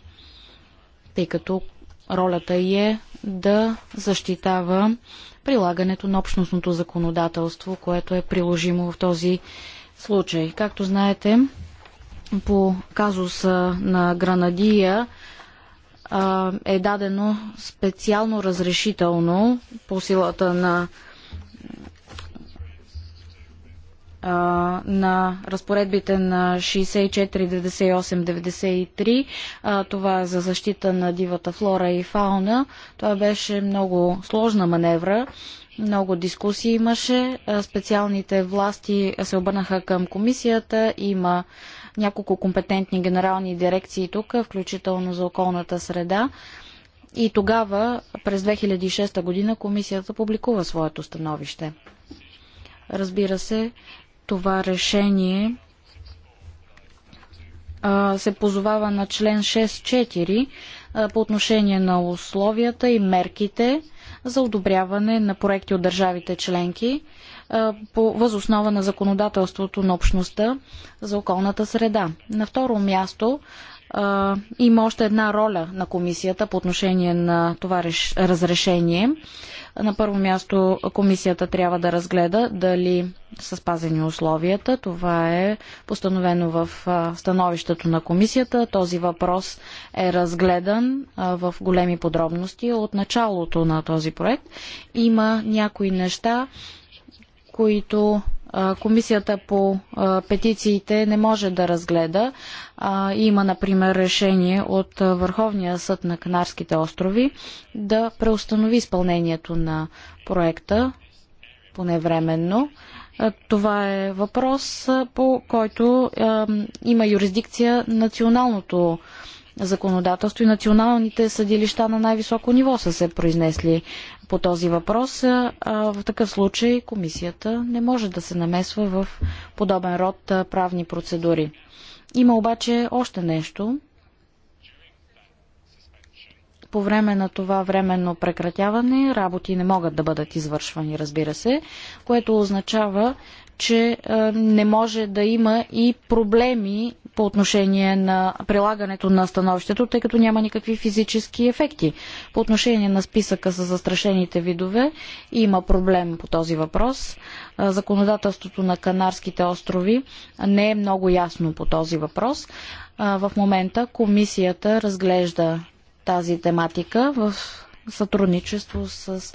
тъй като ролята й е да защитава прилагането на общностното законодателство, което е приложимо в този случай. Както знаете, по казуса на Гранадия е дадено специално разрешително по силата на на разпоредбите на 64-98-93. Това е за защита на дивата флора и фауна. Това беше много сложна маневра. Много дискусии имаше. Специалните власти се обърнаха към комисията. Има няколко компетентни генерални дирекции тук, включително за околната среда. И тогава, през 2006 година, комисията публикува своето становище. Разбира се, това решение се позовава на член 6.4 по отношение на условията и мерките за одобряване на проекти от държавите членки по възоснова на законодателството на общността за околната среда. На второ място има още една роля на комисията по отношение на това разрешение. На първо място комисията трябва да разгледа дали са спазени условията. Това е постановено в становището на комисията. Този въпрос е разгледан в големи подробности от началото на този проект. Има някои неща, които Комисията по петициите не може да разгледа. Има, например, решение от Върховния съд на Канарските острови да преустанови изпълнението на проекта, поне временно. Това е въпрос, по който има юрисдикция националното законодателство и националните съдилища на най-високо ниво са се произнесли по този въпрос. В такъв случай комисията не може да се намесва в подобен род правни процедури. Има обаче още нещо. По време на това временно прекратяване работи не могат да бъдат извършвани, разбира се, което означава, че не може да има и проблеми по отношение на прилагането на становището, тъй като няма никакви физически ефекти. По отношение на списъка с застрашените видове има проблем по този въпрос. Законодателството на Канарските острови не е много ясно по този въпрос. В момента комисията разглежда тази тематика в сътрудничество с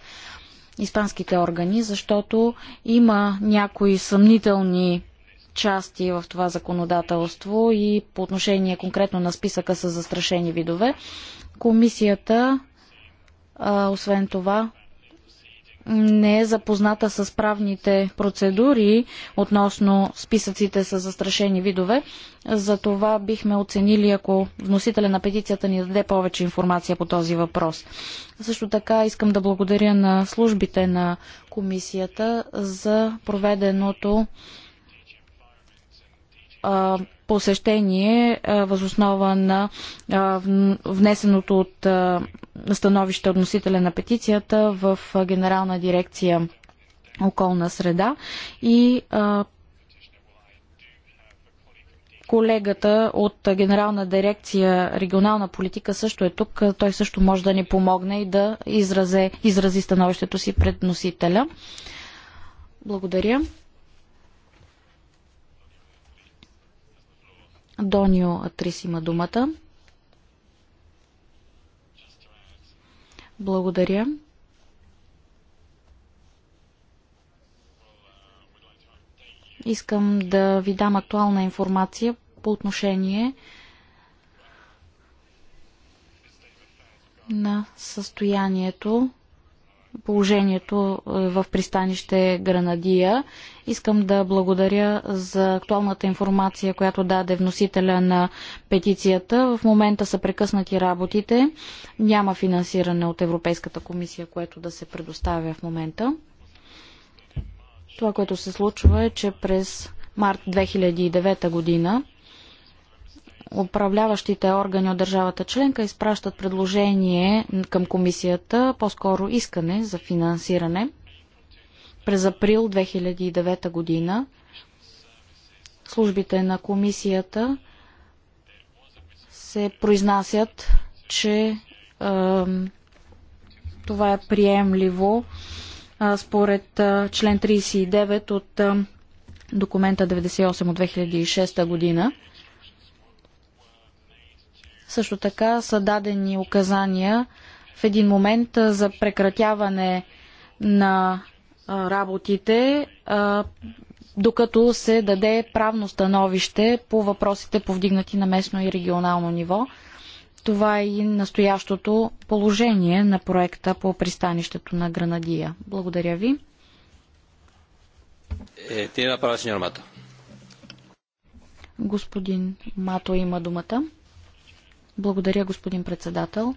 испанските органи, защото има някои съмнителни части в това законодателство и по отношение конкретно на списъка с застрашени видове. Комисията, а, освен това, не е запозната с правните процедури относно списъците с застрашени видове. За това бихме оценили, ако вносителя на петицията ни даде повече информация по този въпрос. Също така искам да благодаря на службите на комисията за проведеното посещение възоснова на внесеното от становище от на петицията в Генерална дирекция околна среда и колегата от Генерална дирекция регионална политика също е тук. Той също може да ни помогне и да изразе, изрази становището си пред носителя. Благодаря. Донио Атрис има думата. Благодаря. Искам да ви дам актуална информация по отношение на състоянието положението е, в пристанище Гранадия. Искам да благодаря за актуалната информация, която даде вносителя на петицията. В момента са прекъснати работите. Няма финансиране от Европейската комисия, което да се предоставя в момента. Това, което се случва е, че през март 2009 година управляващите органи от държавата членка изпращат предложение към комисията, по-скоро искане за финансиране през април 2009 година. Службите на комисията се произнасят, че е, това е приемливо е, според е, член 39 от е, документа 98 от 2006 година. Също така са дадени указания в един момент за прекратяване на работите, докато се даде правно становище по въпросите повдигнати на местно и регионално ниво. Това е и настоящото положение на проекта по пристанището на Гранадия. Благодаря ви. Е, Господин Мато има думата. Благодаря, господин председател.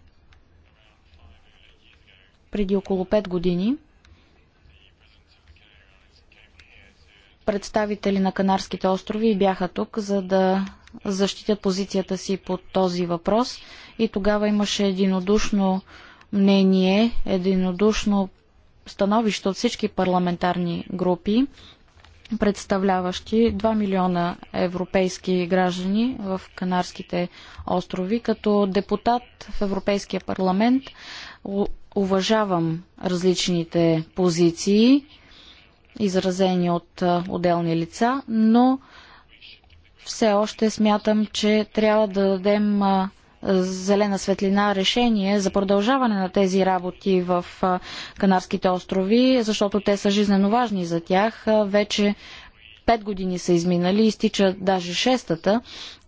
Преди около 5 години представители на Канарските острови бяха тук, за да защитят позицията си по този въпрос. И тогава имаше единодушно мнение, единодушно становище от всички парламентарни групи представляващи 2 милиона европейски граждани в Канарските острови. Като депутат в Европейския парламент уважавам различните позиции, изразени от отделни лица, но все още смятам, че трябва да дадем зелена светлина решение за продължаване на тези работи в Канарските острови, защото те са жизнено важни за тях. Вече пет години са изминали, изтича даже шестата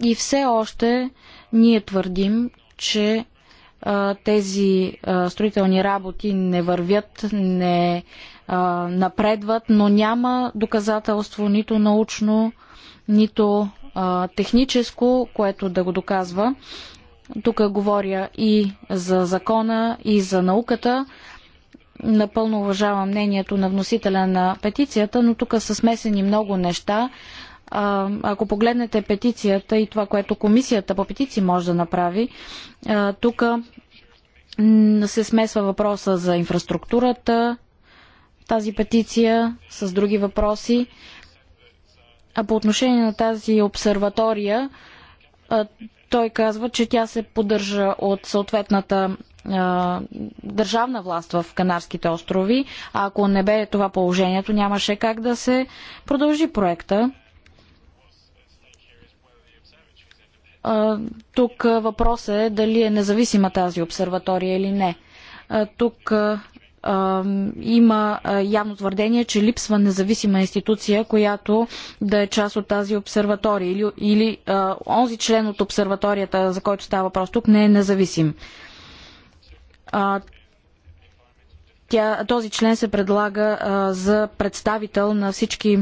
и все още ние твърдим, че тези строителни работи не вървят, не напредват, но няма доказателство нито научно, нито техническо, което да го доказва. Тук говоря и за закона, и за науката. Напълно уважавам мнението на вносителя на петицията, но тук са смесени много неща. Ако погледнете петицията и това, което комисията по петиции може да направи, тук се смесва въпроса за инфраструктурата, тази петиция с други въпроси. А по отношение на тази обсерватория, той казва, че тя се поддържа от съответната държавна власт в Канарските острови. А ако не бе това положението, нямаше как да се продължи проекта. Тук въпросът е дали е независима тази обсерватория или не. Тук има явно твърдение, че липсва независима институция, която да е част от тази обсерватория или, или а, онзи член от обсерваторията, за който става въпрос тук, не е независим. А, тя, този член се предлага а, за представител на всички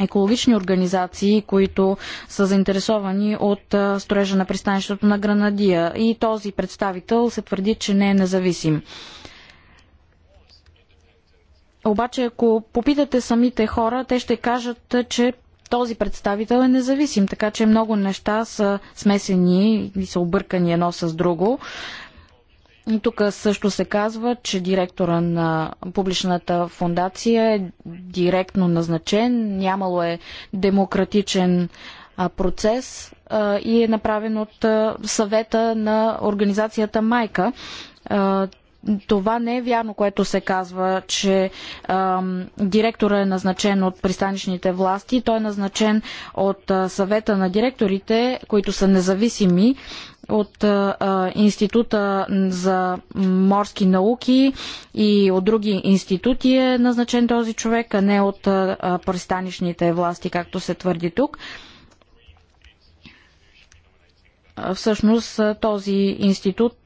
екологични организации, които са заинтересовани от строежа на пристанището на Гранадия. И този представител се твърди, че не е независим. Обаче, ако попитате самите хора, те ще кажат, че този представител е независим, така че много неща са смесени и са объркани едно с друго. Тук също се казва, че директора на публичната фундация е директно назначен, нямало е демократичен процес и е направен от съвета на организацията Майка това не е вярно, което се казва, че ам, директора е назначен от пристанищните власти. Той е назначен от а, съвета на директорите, които са независими от а, Института за морски науки и от други институти е назначен този човек, а не от а, пристанищните власти, както се твърди тук. А, Всъщност този институт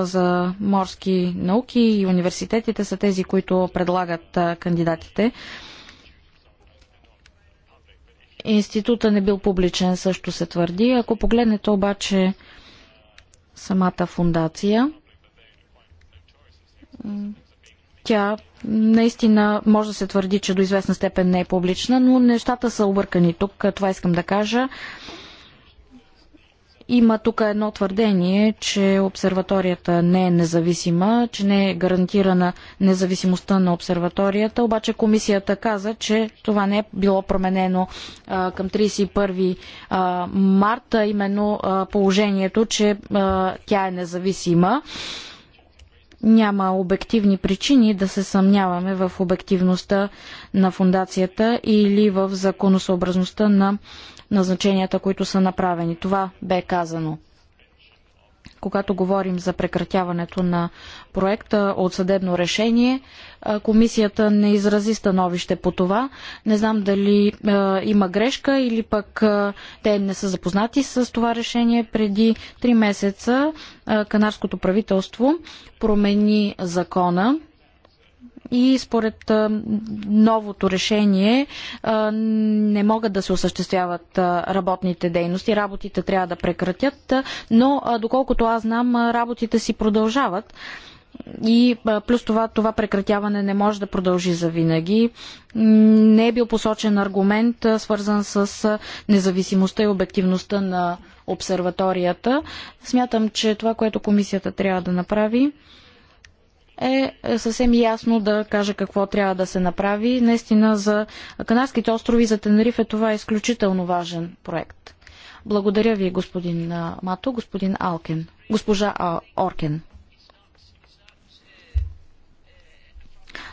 за морски науки и университетите са тези, които предлагат кандидатите. Института не бил публичен, също се твърди. Ако погледнете обаче самата фундация, тя наистина може да се твърди, че до известна степен не е публична, но нещата са объркани тук. Това искам да кажа. Има тук едно твърдение, че обсерваторията не е независима, че не е гарантирана независимостта на обсерваторията, обаче комисията каза, че това не е било променено а, към 31 а, марта, именно а, положението, че а, тя е независима няма обективни причини да се съмняваме в обективността на фундацията или в законосъобразността на назначенията, които са направени. Това бе казано когато говорим за прекратяването на проекта от съдебно решение, комисията не изрази становище по това. Не знам дали е, има грешка или пък е, те не са запознати с това решение. Преди три месеца е, канарското правителство промени закона и според новото решение не могат да се осъществяват работните дейности. Работите трябва да прекратят, но доколкото аз знам, работите си продължават. И плюс това, това прекратяване не може да продължи за винаги. Не е бил посочен аргумент, свързан с независимостта и обективността на обсерваторията. Смятам, че това, което комисията трябва да направи, е съвсем ясно да каже какво трябва да се направи. Наистина за Канарските острови и за Тенерифе това е изключително важен проект. Благодаря ви, господин Мато, господин Алкен, госпожа а, Оркен.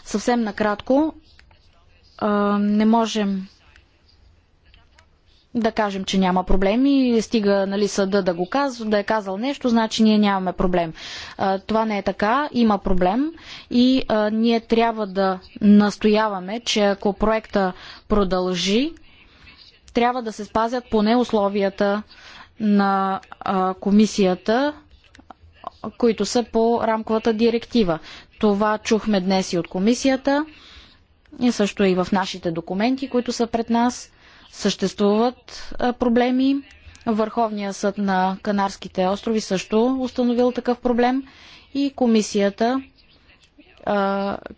Съвсем накратко, не можем да кажем, че няма проблеми, стига нали, съда да го казва, да е казал нещо, значи ние нямаме проблем. А, това не е така, има проблем и а, ние трябва да настояваме, че ако проекта продължи, трябва да се спазят поне условията на а, комисията, които са по рамковата директива. Това чухме днес и от комисията, и също и в нашите документи, които са пред нас – съществуват проблеми. Върховният съд на Канарските острови също установил такъв проблем и комисията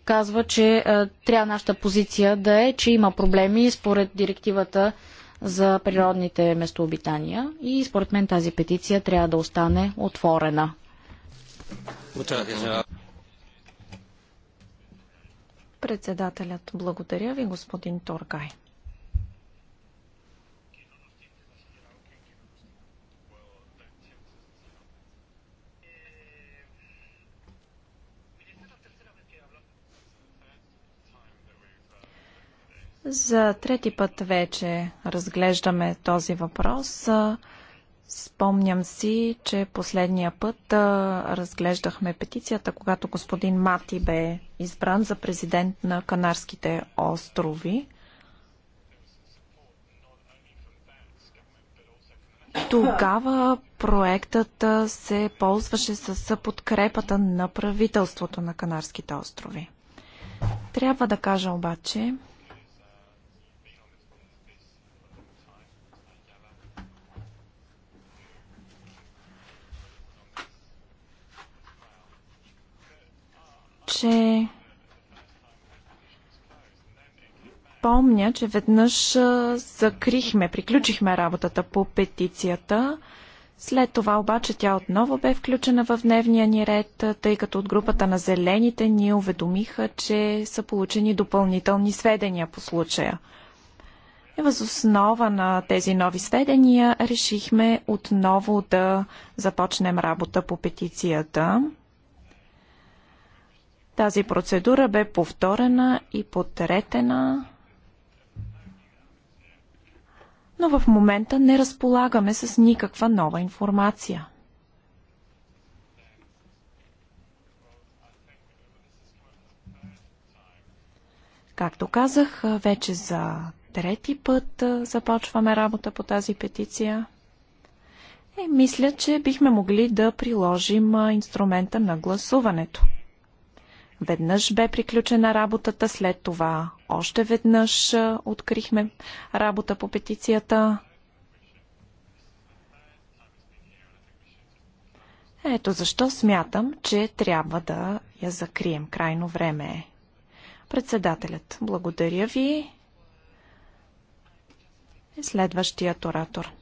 казва, че трябва нашата позиция да е, че има проблеми според директивата за природните местообитания и според мен тази петиция трябва да остане отворена. Председателят, благодаря ви, господин Торгай. За трети път вече разглеждаме този въпрос. Спомням си, че последния път разглеждахме петицията, когато господин Мати бе избран за президент на Канарските острови. Тогава проектът се ползваше с подкрепата на правителството на Канарските острови. Трябва да кажа обаче, че помня, че веднъж закрихме, приключихме работата по петицията. След това обаче тя отново бе включена в дневния ни ред, тъй като от групата на зелените ни уведомиха, че са получени допълнителни сведения по случая. И въз основа на тези нови сведения решихме отново да започнем работа по петицията. Тази процедура бе повторена и потретена, но в момента не разполагаме с никаква нова информация. Както казах, вече за трети път започваме работа по тази петиция. И мисля, че бихме могли да приложим инструмента на гласуването – Веднъж бе приключена работата, след това още веднъж открихме работа по петицията. Ето защо смятам, че трябва да я закрием. Крайно време е. Председателят, благодаря ви. Е следващият оратор.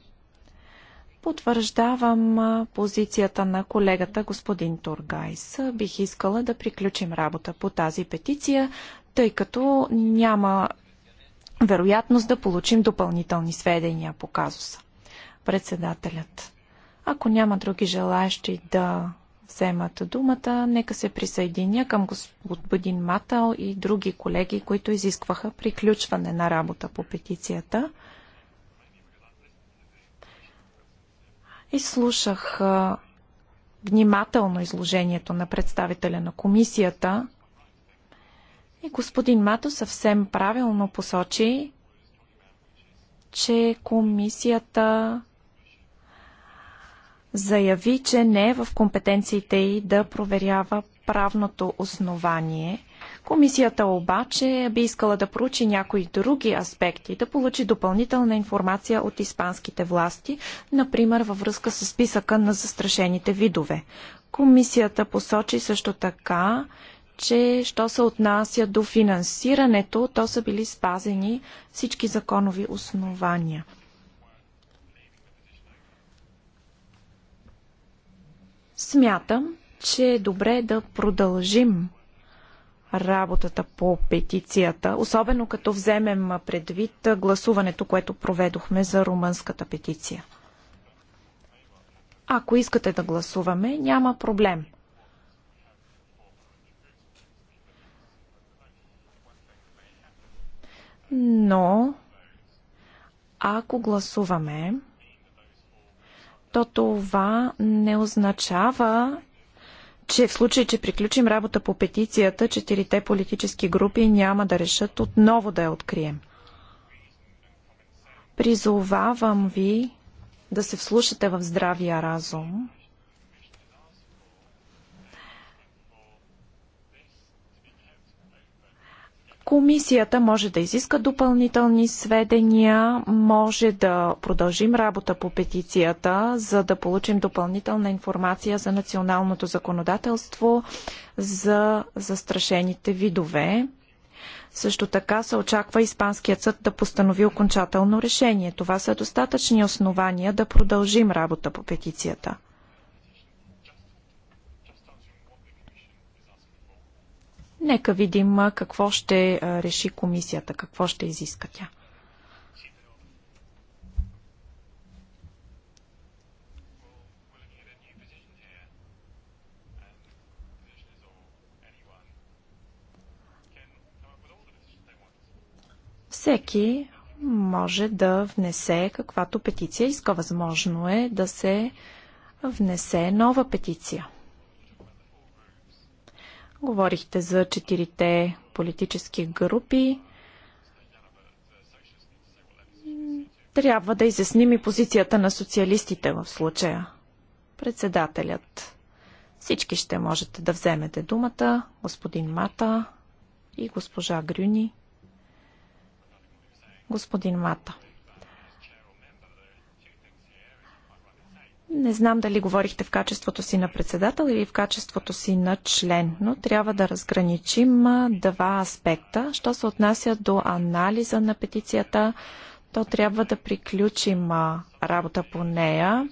Потвърждавам позицията на колегата господин Тургайс. Бих искала да приключим работа по тази петиция, тъй като няма вероятност да получим допълнителни сведения по казуса. Председателят. Ако няма други желаящи да вземат думата, нека се присъединя към господин Матал и други колеги, които изискваха приключване на работа по петицията. Изслушах внимателно изложението на представителя на комисията и господин Мато съвсем правилно посочи, че комисията заяви, че не е в компетенциите й да проверява правното основание. Комисията обаче би искала да проучи някои други аспекти, да получи допълнителна информация от испанските власти, например във връзка с списъка на застрашените видове. Комисията посочи също така, че що се отнася до финансирането, то са били спазени всички законови основания. Смятам, че е добре да продължим работата по петицията, особено като вземем предвид гласуването, което проведохме за румънската петиция. Ако искате да гласуваме, няма проблем. Но, ако гласуваме, то това не означава, че в случай, че приключим работа по петицията, четирите политически групи няма да решат отново да я открием. Призовавам ви да се вслушате в здравия разум Комисията може да изиска допълнителни сведения, може да продължим работа по петицията, за да получим допълнителна информация за националното законодателство, за застрашените видове. Също така се очаква Испанският съд да постанови окончателно решение. Това са достатъчни основания да продължим работа по петицията. Нека видим какво ще реши комисията, какво ще изиска тя. Всеки може да внесе каквато петиция иска. Възможно е да се внесе нова петиция. Говорихте за четирите политически групи. Трябва да изясним и позицията на социалистите в случая. Председателят. Всички ще можете да вземете думата. Господин Мата и госпожа Грюни. Господин Мата. Не знам дали говорихте в качеството си на председател или в качеството си на член, но трябва да разграничим два аспекта. Що се отнася до анализа на петицията, то трябва да приключим работа по нея.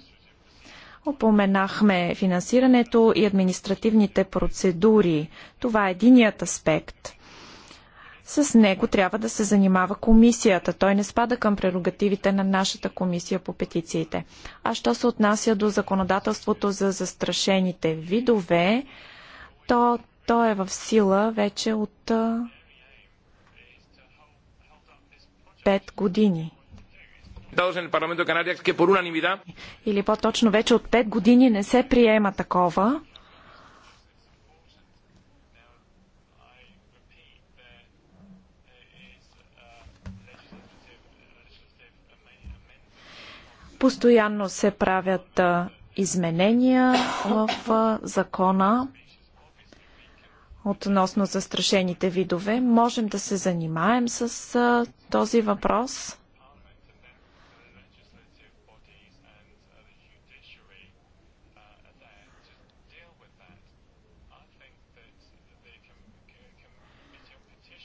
Опоменахме финансирането и административните процедури. Това е единият аспект – с него трябва да се занимава комисията. Той не спада към прерогативите на нашата комисия по петициите. А що се отнася до законодателството за застрашените видове, то, то е в сила вече от 5 години. Или по-точно вече от 5 години не се приема такова. Постоянно се правят изменения в закона относно застрашените видове. Можем да се занимаем с този въпрос.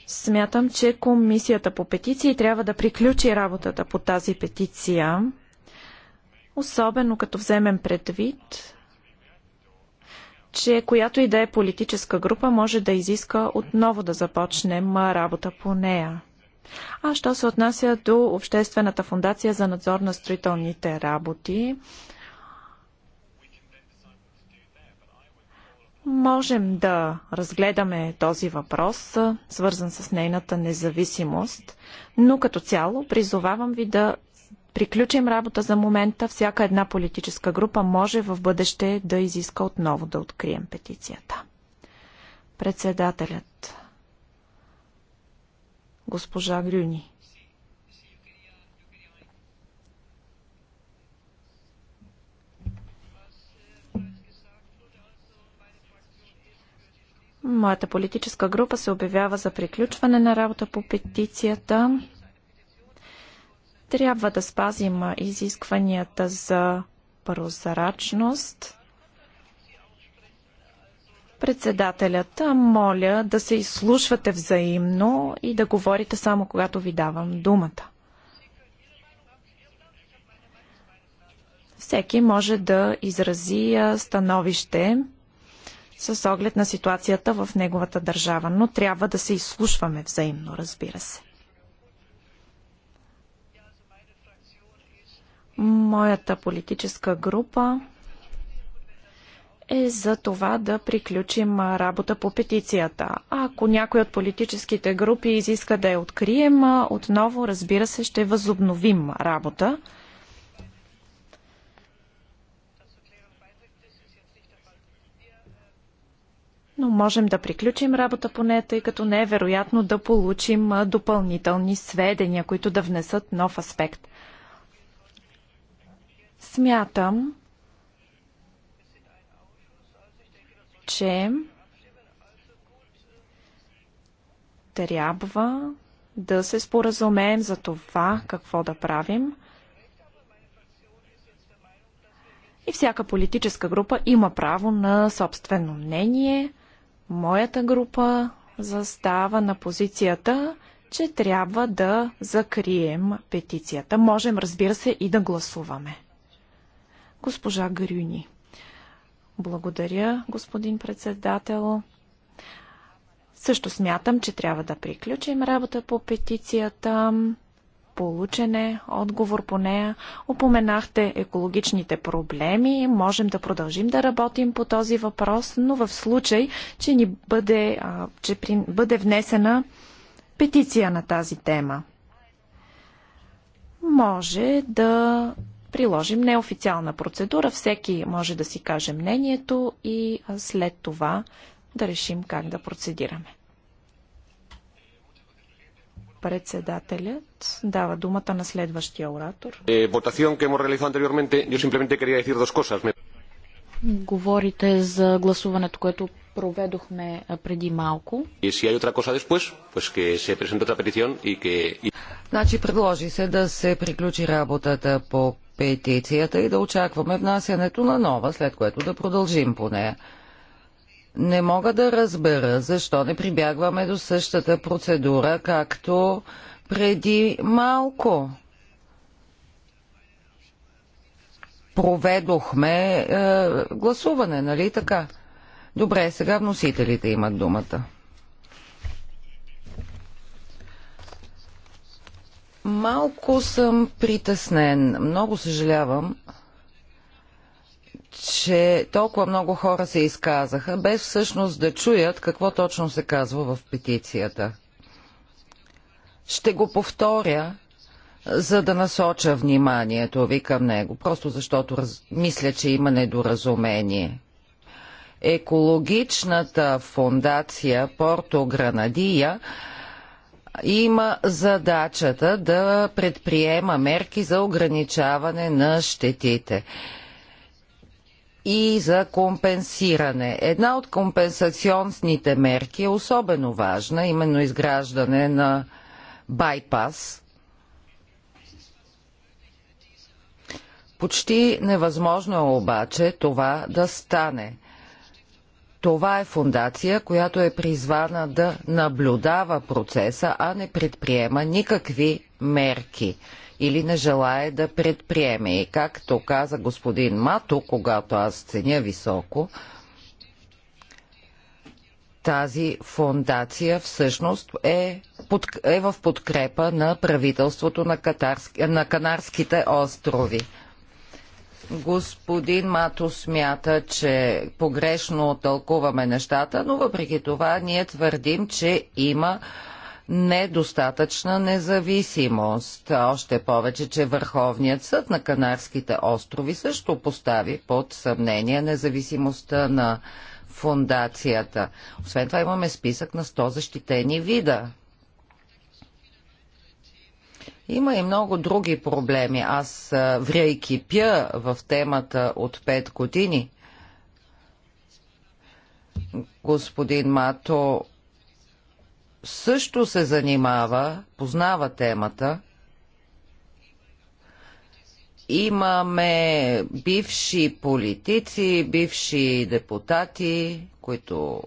Смятам, че комисията по петиции трябва да приключи работата по тази петиция. Особено като вземем предвид, че която и да е политическа група може да изиска отново да започнем работа по нея. А що се отнася до Обществената фундация за надзор на строителните работи, можем да разгледаме този въпрос, свързан с нейната независимост, но като цяло призовавам ви да приключим работа за момента, всяка една политическа група може в бъдеще да изиска отново да открием петицията. Председателят госпожа Грюни. Моята политическа група се обявява за приключване на работа по петицията. Трябва да спазим изискванията за прозрачност. Председателят, моля да се изслушвате взаимно и да говорите само когато ви давам думата. Всеки може да изрази становище с оглед на ситуацията в неговата държава, но трябва да се изслушваме взаимно, разбира се. Моята политическа група е за това да приключим работа по петицията. ако някой от политическите групи изиска да я открием, отново, разбира се, ще възобновим работа. но можем да приключим работа по нея, тъй като не е вероятно да получим допълнителни сведения, които да внесат нов аспект. Смятам, че трябва да се споразумеем за това какво да правим. И всяка политическа група има право на собствено мнение. Моята група застава на позицията, че трябва да закрием петицията. Можем, разбира се, и да гласуваме. Госпожа Грюни. Благодаря, господин председател. Също смятам, че трябва да приключим работа по петицията. Получене, отговор по нея. Опоменахте екологичните проблеми. Можем да продължим да работим по този въпрос, но в случай, че ни бъде, а, че при, бъде внесена петиция на тази тема. Може да приложим неофициална процедура. Всеки може да си каже мнението и след това да решим как да процедираме. Председателят дава думата на следващия оратор. Е, Говорите за гласуването, което проведохме преди малко. Значи предложи се да се приключи работата по петицията и да очакваме внасянето на нова, след което да продължим по нея. Не мога да разбера защо не прибягваме до същата процедура, както преди малко. Проведохме е, гласуване, нали така? Добре, сега вносителите имат думата. Малко съм притеснен. Много съжалявам, че толкова много хора се изказаха, без всъщност да чуят какво точно се казва в петицията. Ще го повторя, за да насоча вниманието ви към него, просто защото раз... мисля, че има недоразумение. Екологичната фундация Порто Гранадия има задачата да предприема мерки за ограничаване на щетите и за компенсиране. Една от компенсационните мерки е особено важна, именно изграждане на байпас. Почти невъзможно е обаче това да стане – това е фундация, която е призвана да наблюдава процеса, а не предприема никакви мерки или не желая да предприеме. И както каза господин Мато, когато аз ценя високо, тази фундация всъщност е, под, е в подкрепа на правителството на, катарски, на Канарските острови. Господин Мато смята, че погрешно тълкуваме нещата, но въпреки това ние твърдим, че има недостатъчна независимост. Още повече, че Върховният съд на Канарските острови също постави под съмнение независимостта на фундацията. Освен това имаме списък на 100 защитени вида. Има и много други проблеми. Аз вря и кипя в темата от пет години. Господин Мато също се занимава, познава темата. Имаме бивши политици, бивши депутати, които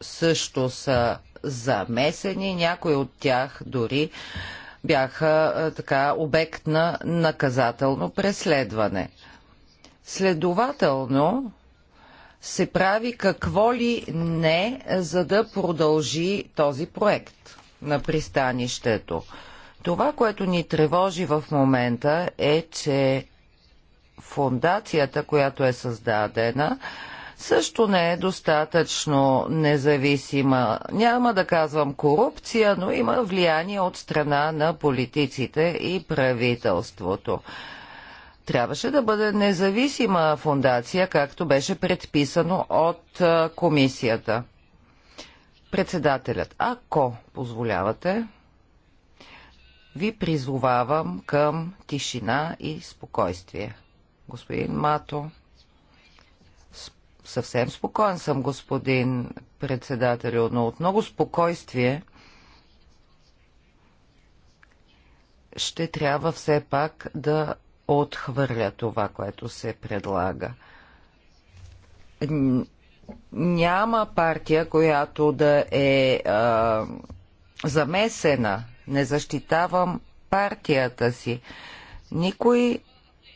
също са замесени, някои от тях дори бяха е, така обект на наказателно преследване. Следователно се прави какво ли не, за да продължи този проект на пристанището. Това, което ни тревожи в момента е, че фундацията, която е създадена, също не е достатъчно независима. Няма да казвам корупция, но има влияние от страна на политиците и правителството. Трябваше да бъде независима фундация, както беше предписано от комисията. Председателят, ако позволявате, ви призовавам към тишина и спокойствие. Господин Мато съвсем спокоен съм, господин председател, но от много спокойствие ще трябва все пак да отхвърля това, което се предлага. Няма партия, която да е а, замесена. Не защитавам партията си. Никой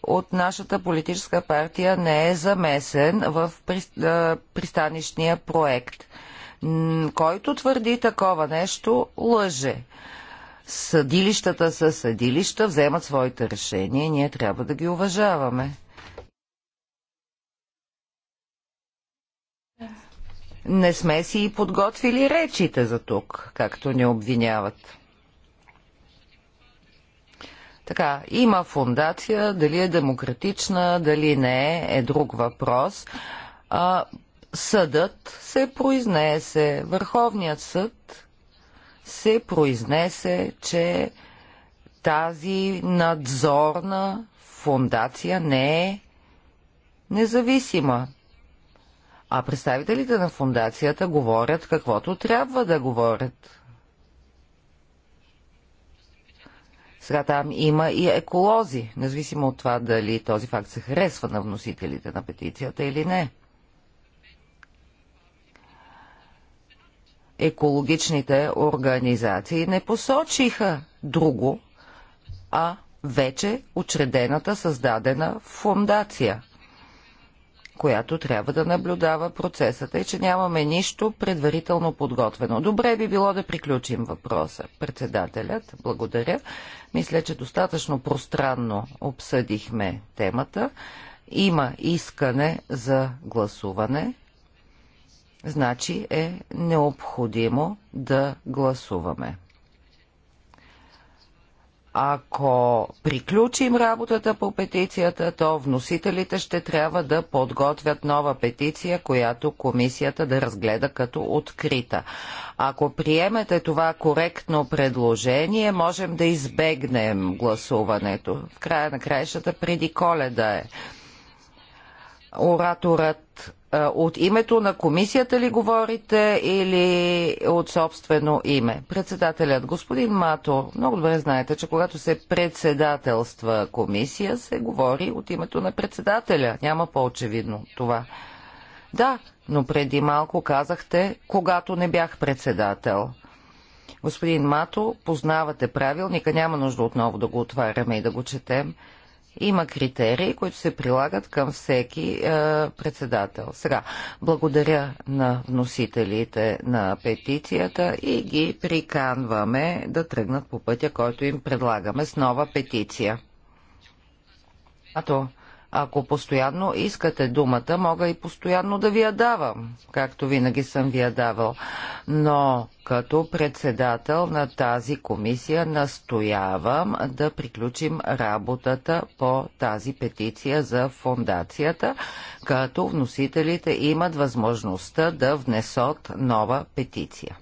от нашата политическа партия не е замесен в пристанищния проект. Който твърди такова нещо, лъже. Съдилищата са съдилища, вземат своите решения и ние трябва да ги уважаваме. Не сме си и подготвили речите за тук, както ни обвиняват. Така, има фундация, дали е демократична, дали не е, е друг въпрос. А, съдът се произнесе, Върховният съд се произнесе, че тази надзорна фундация не е независима. А представителите на фундацията говорят каквото трябва да говорят. Сега там има и еколози, независимо от това дали този факт се харесва на вносителите на петицията или не. Екологичните организации не посочиха друго, а вече учредената, създадена фундация която трябва да наблюдава процесата и че нямаме нищо предварително подготвено. Добре би било да приключим въпроса. Председателят, благодаря. Мисля, че достатъчно пространно обсъдихме темата. Има искане за гласуване. Значи е необходимо да гласуваме. Ако приключим работата по петицията, то вносителите ще трябва да подготвят нова петиция, която комисията да разгледа като открита. Ако приемете това коректно предложение, можем да избегнем гласуването. В края на краищата преди коледа е. Ораторът е, от името на комисията ли говорите или от собствено име? Председателят, господин Мато, много добре знаете, че когато се председателства комисия, се говори от името на председателя. Няма по-очевидно това. Да, но преди малко казахте, когато не бях председател. Господин Мато, познавате правилника, няма нужда отново да го отваряме и да го четем. Има критерии, които се прилагат към всеки е, председател. Сега, благодаря на вносителите на петицията и ги приканваме да тръгнат по пътя, който им предлагаме с нова петиция. А то ако постоянно искате думата, мога и постоянно да ви я давам, както винаги съм ви я давал. Но като председател на тази комисия настоявам да приключим работата по тази петиция за фондацията, като вносителите имат възможността да внесат нова петиция.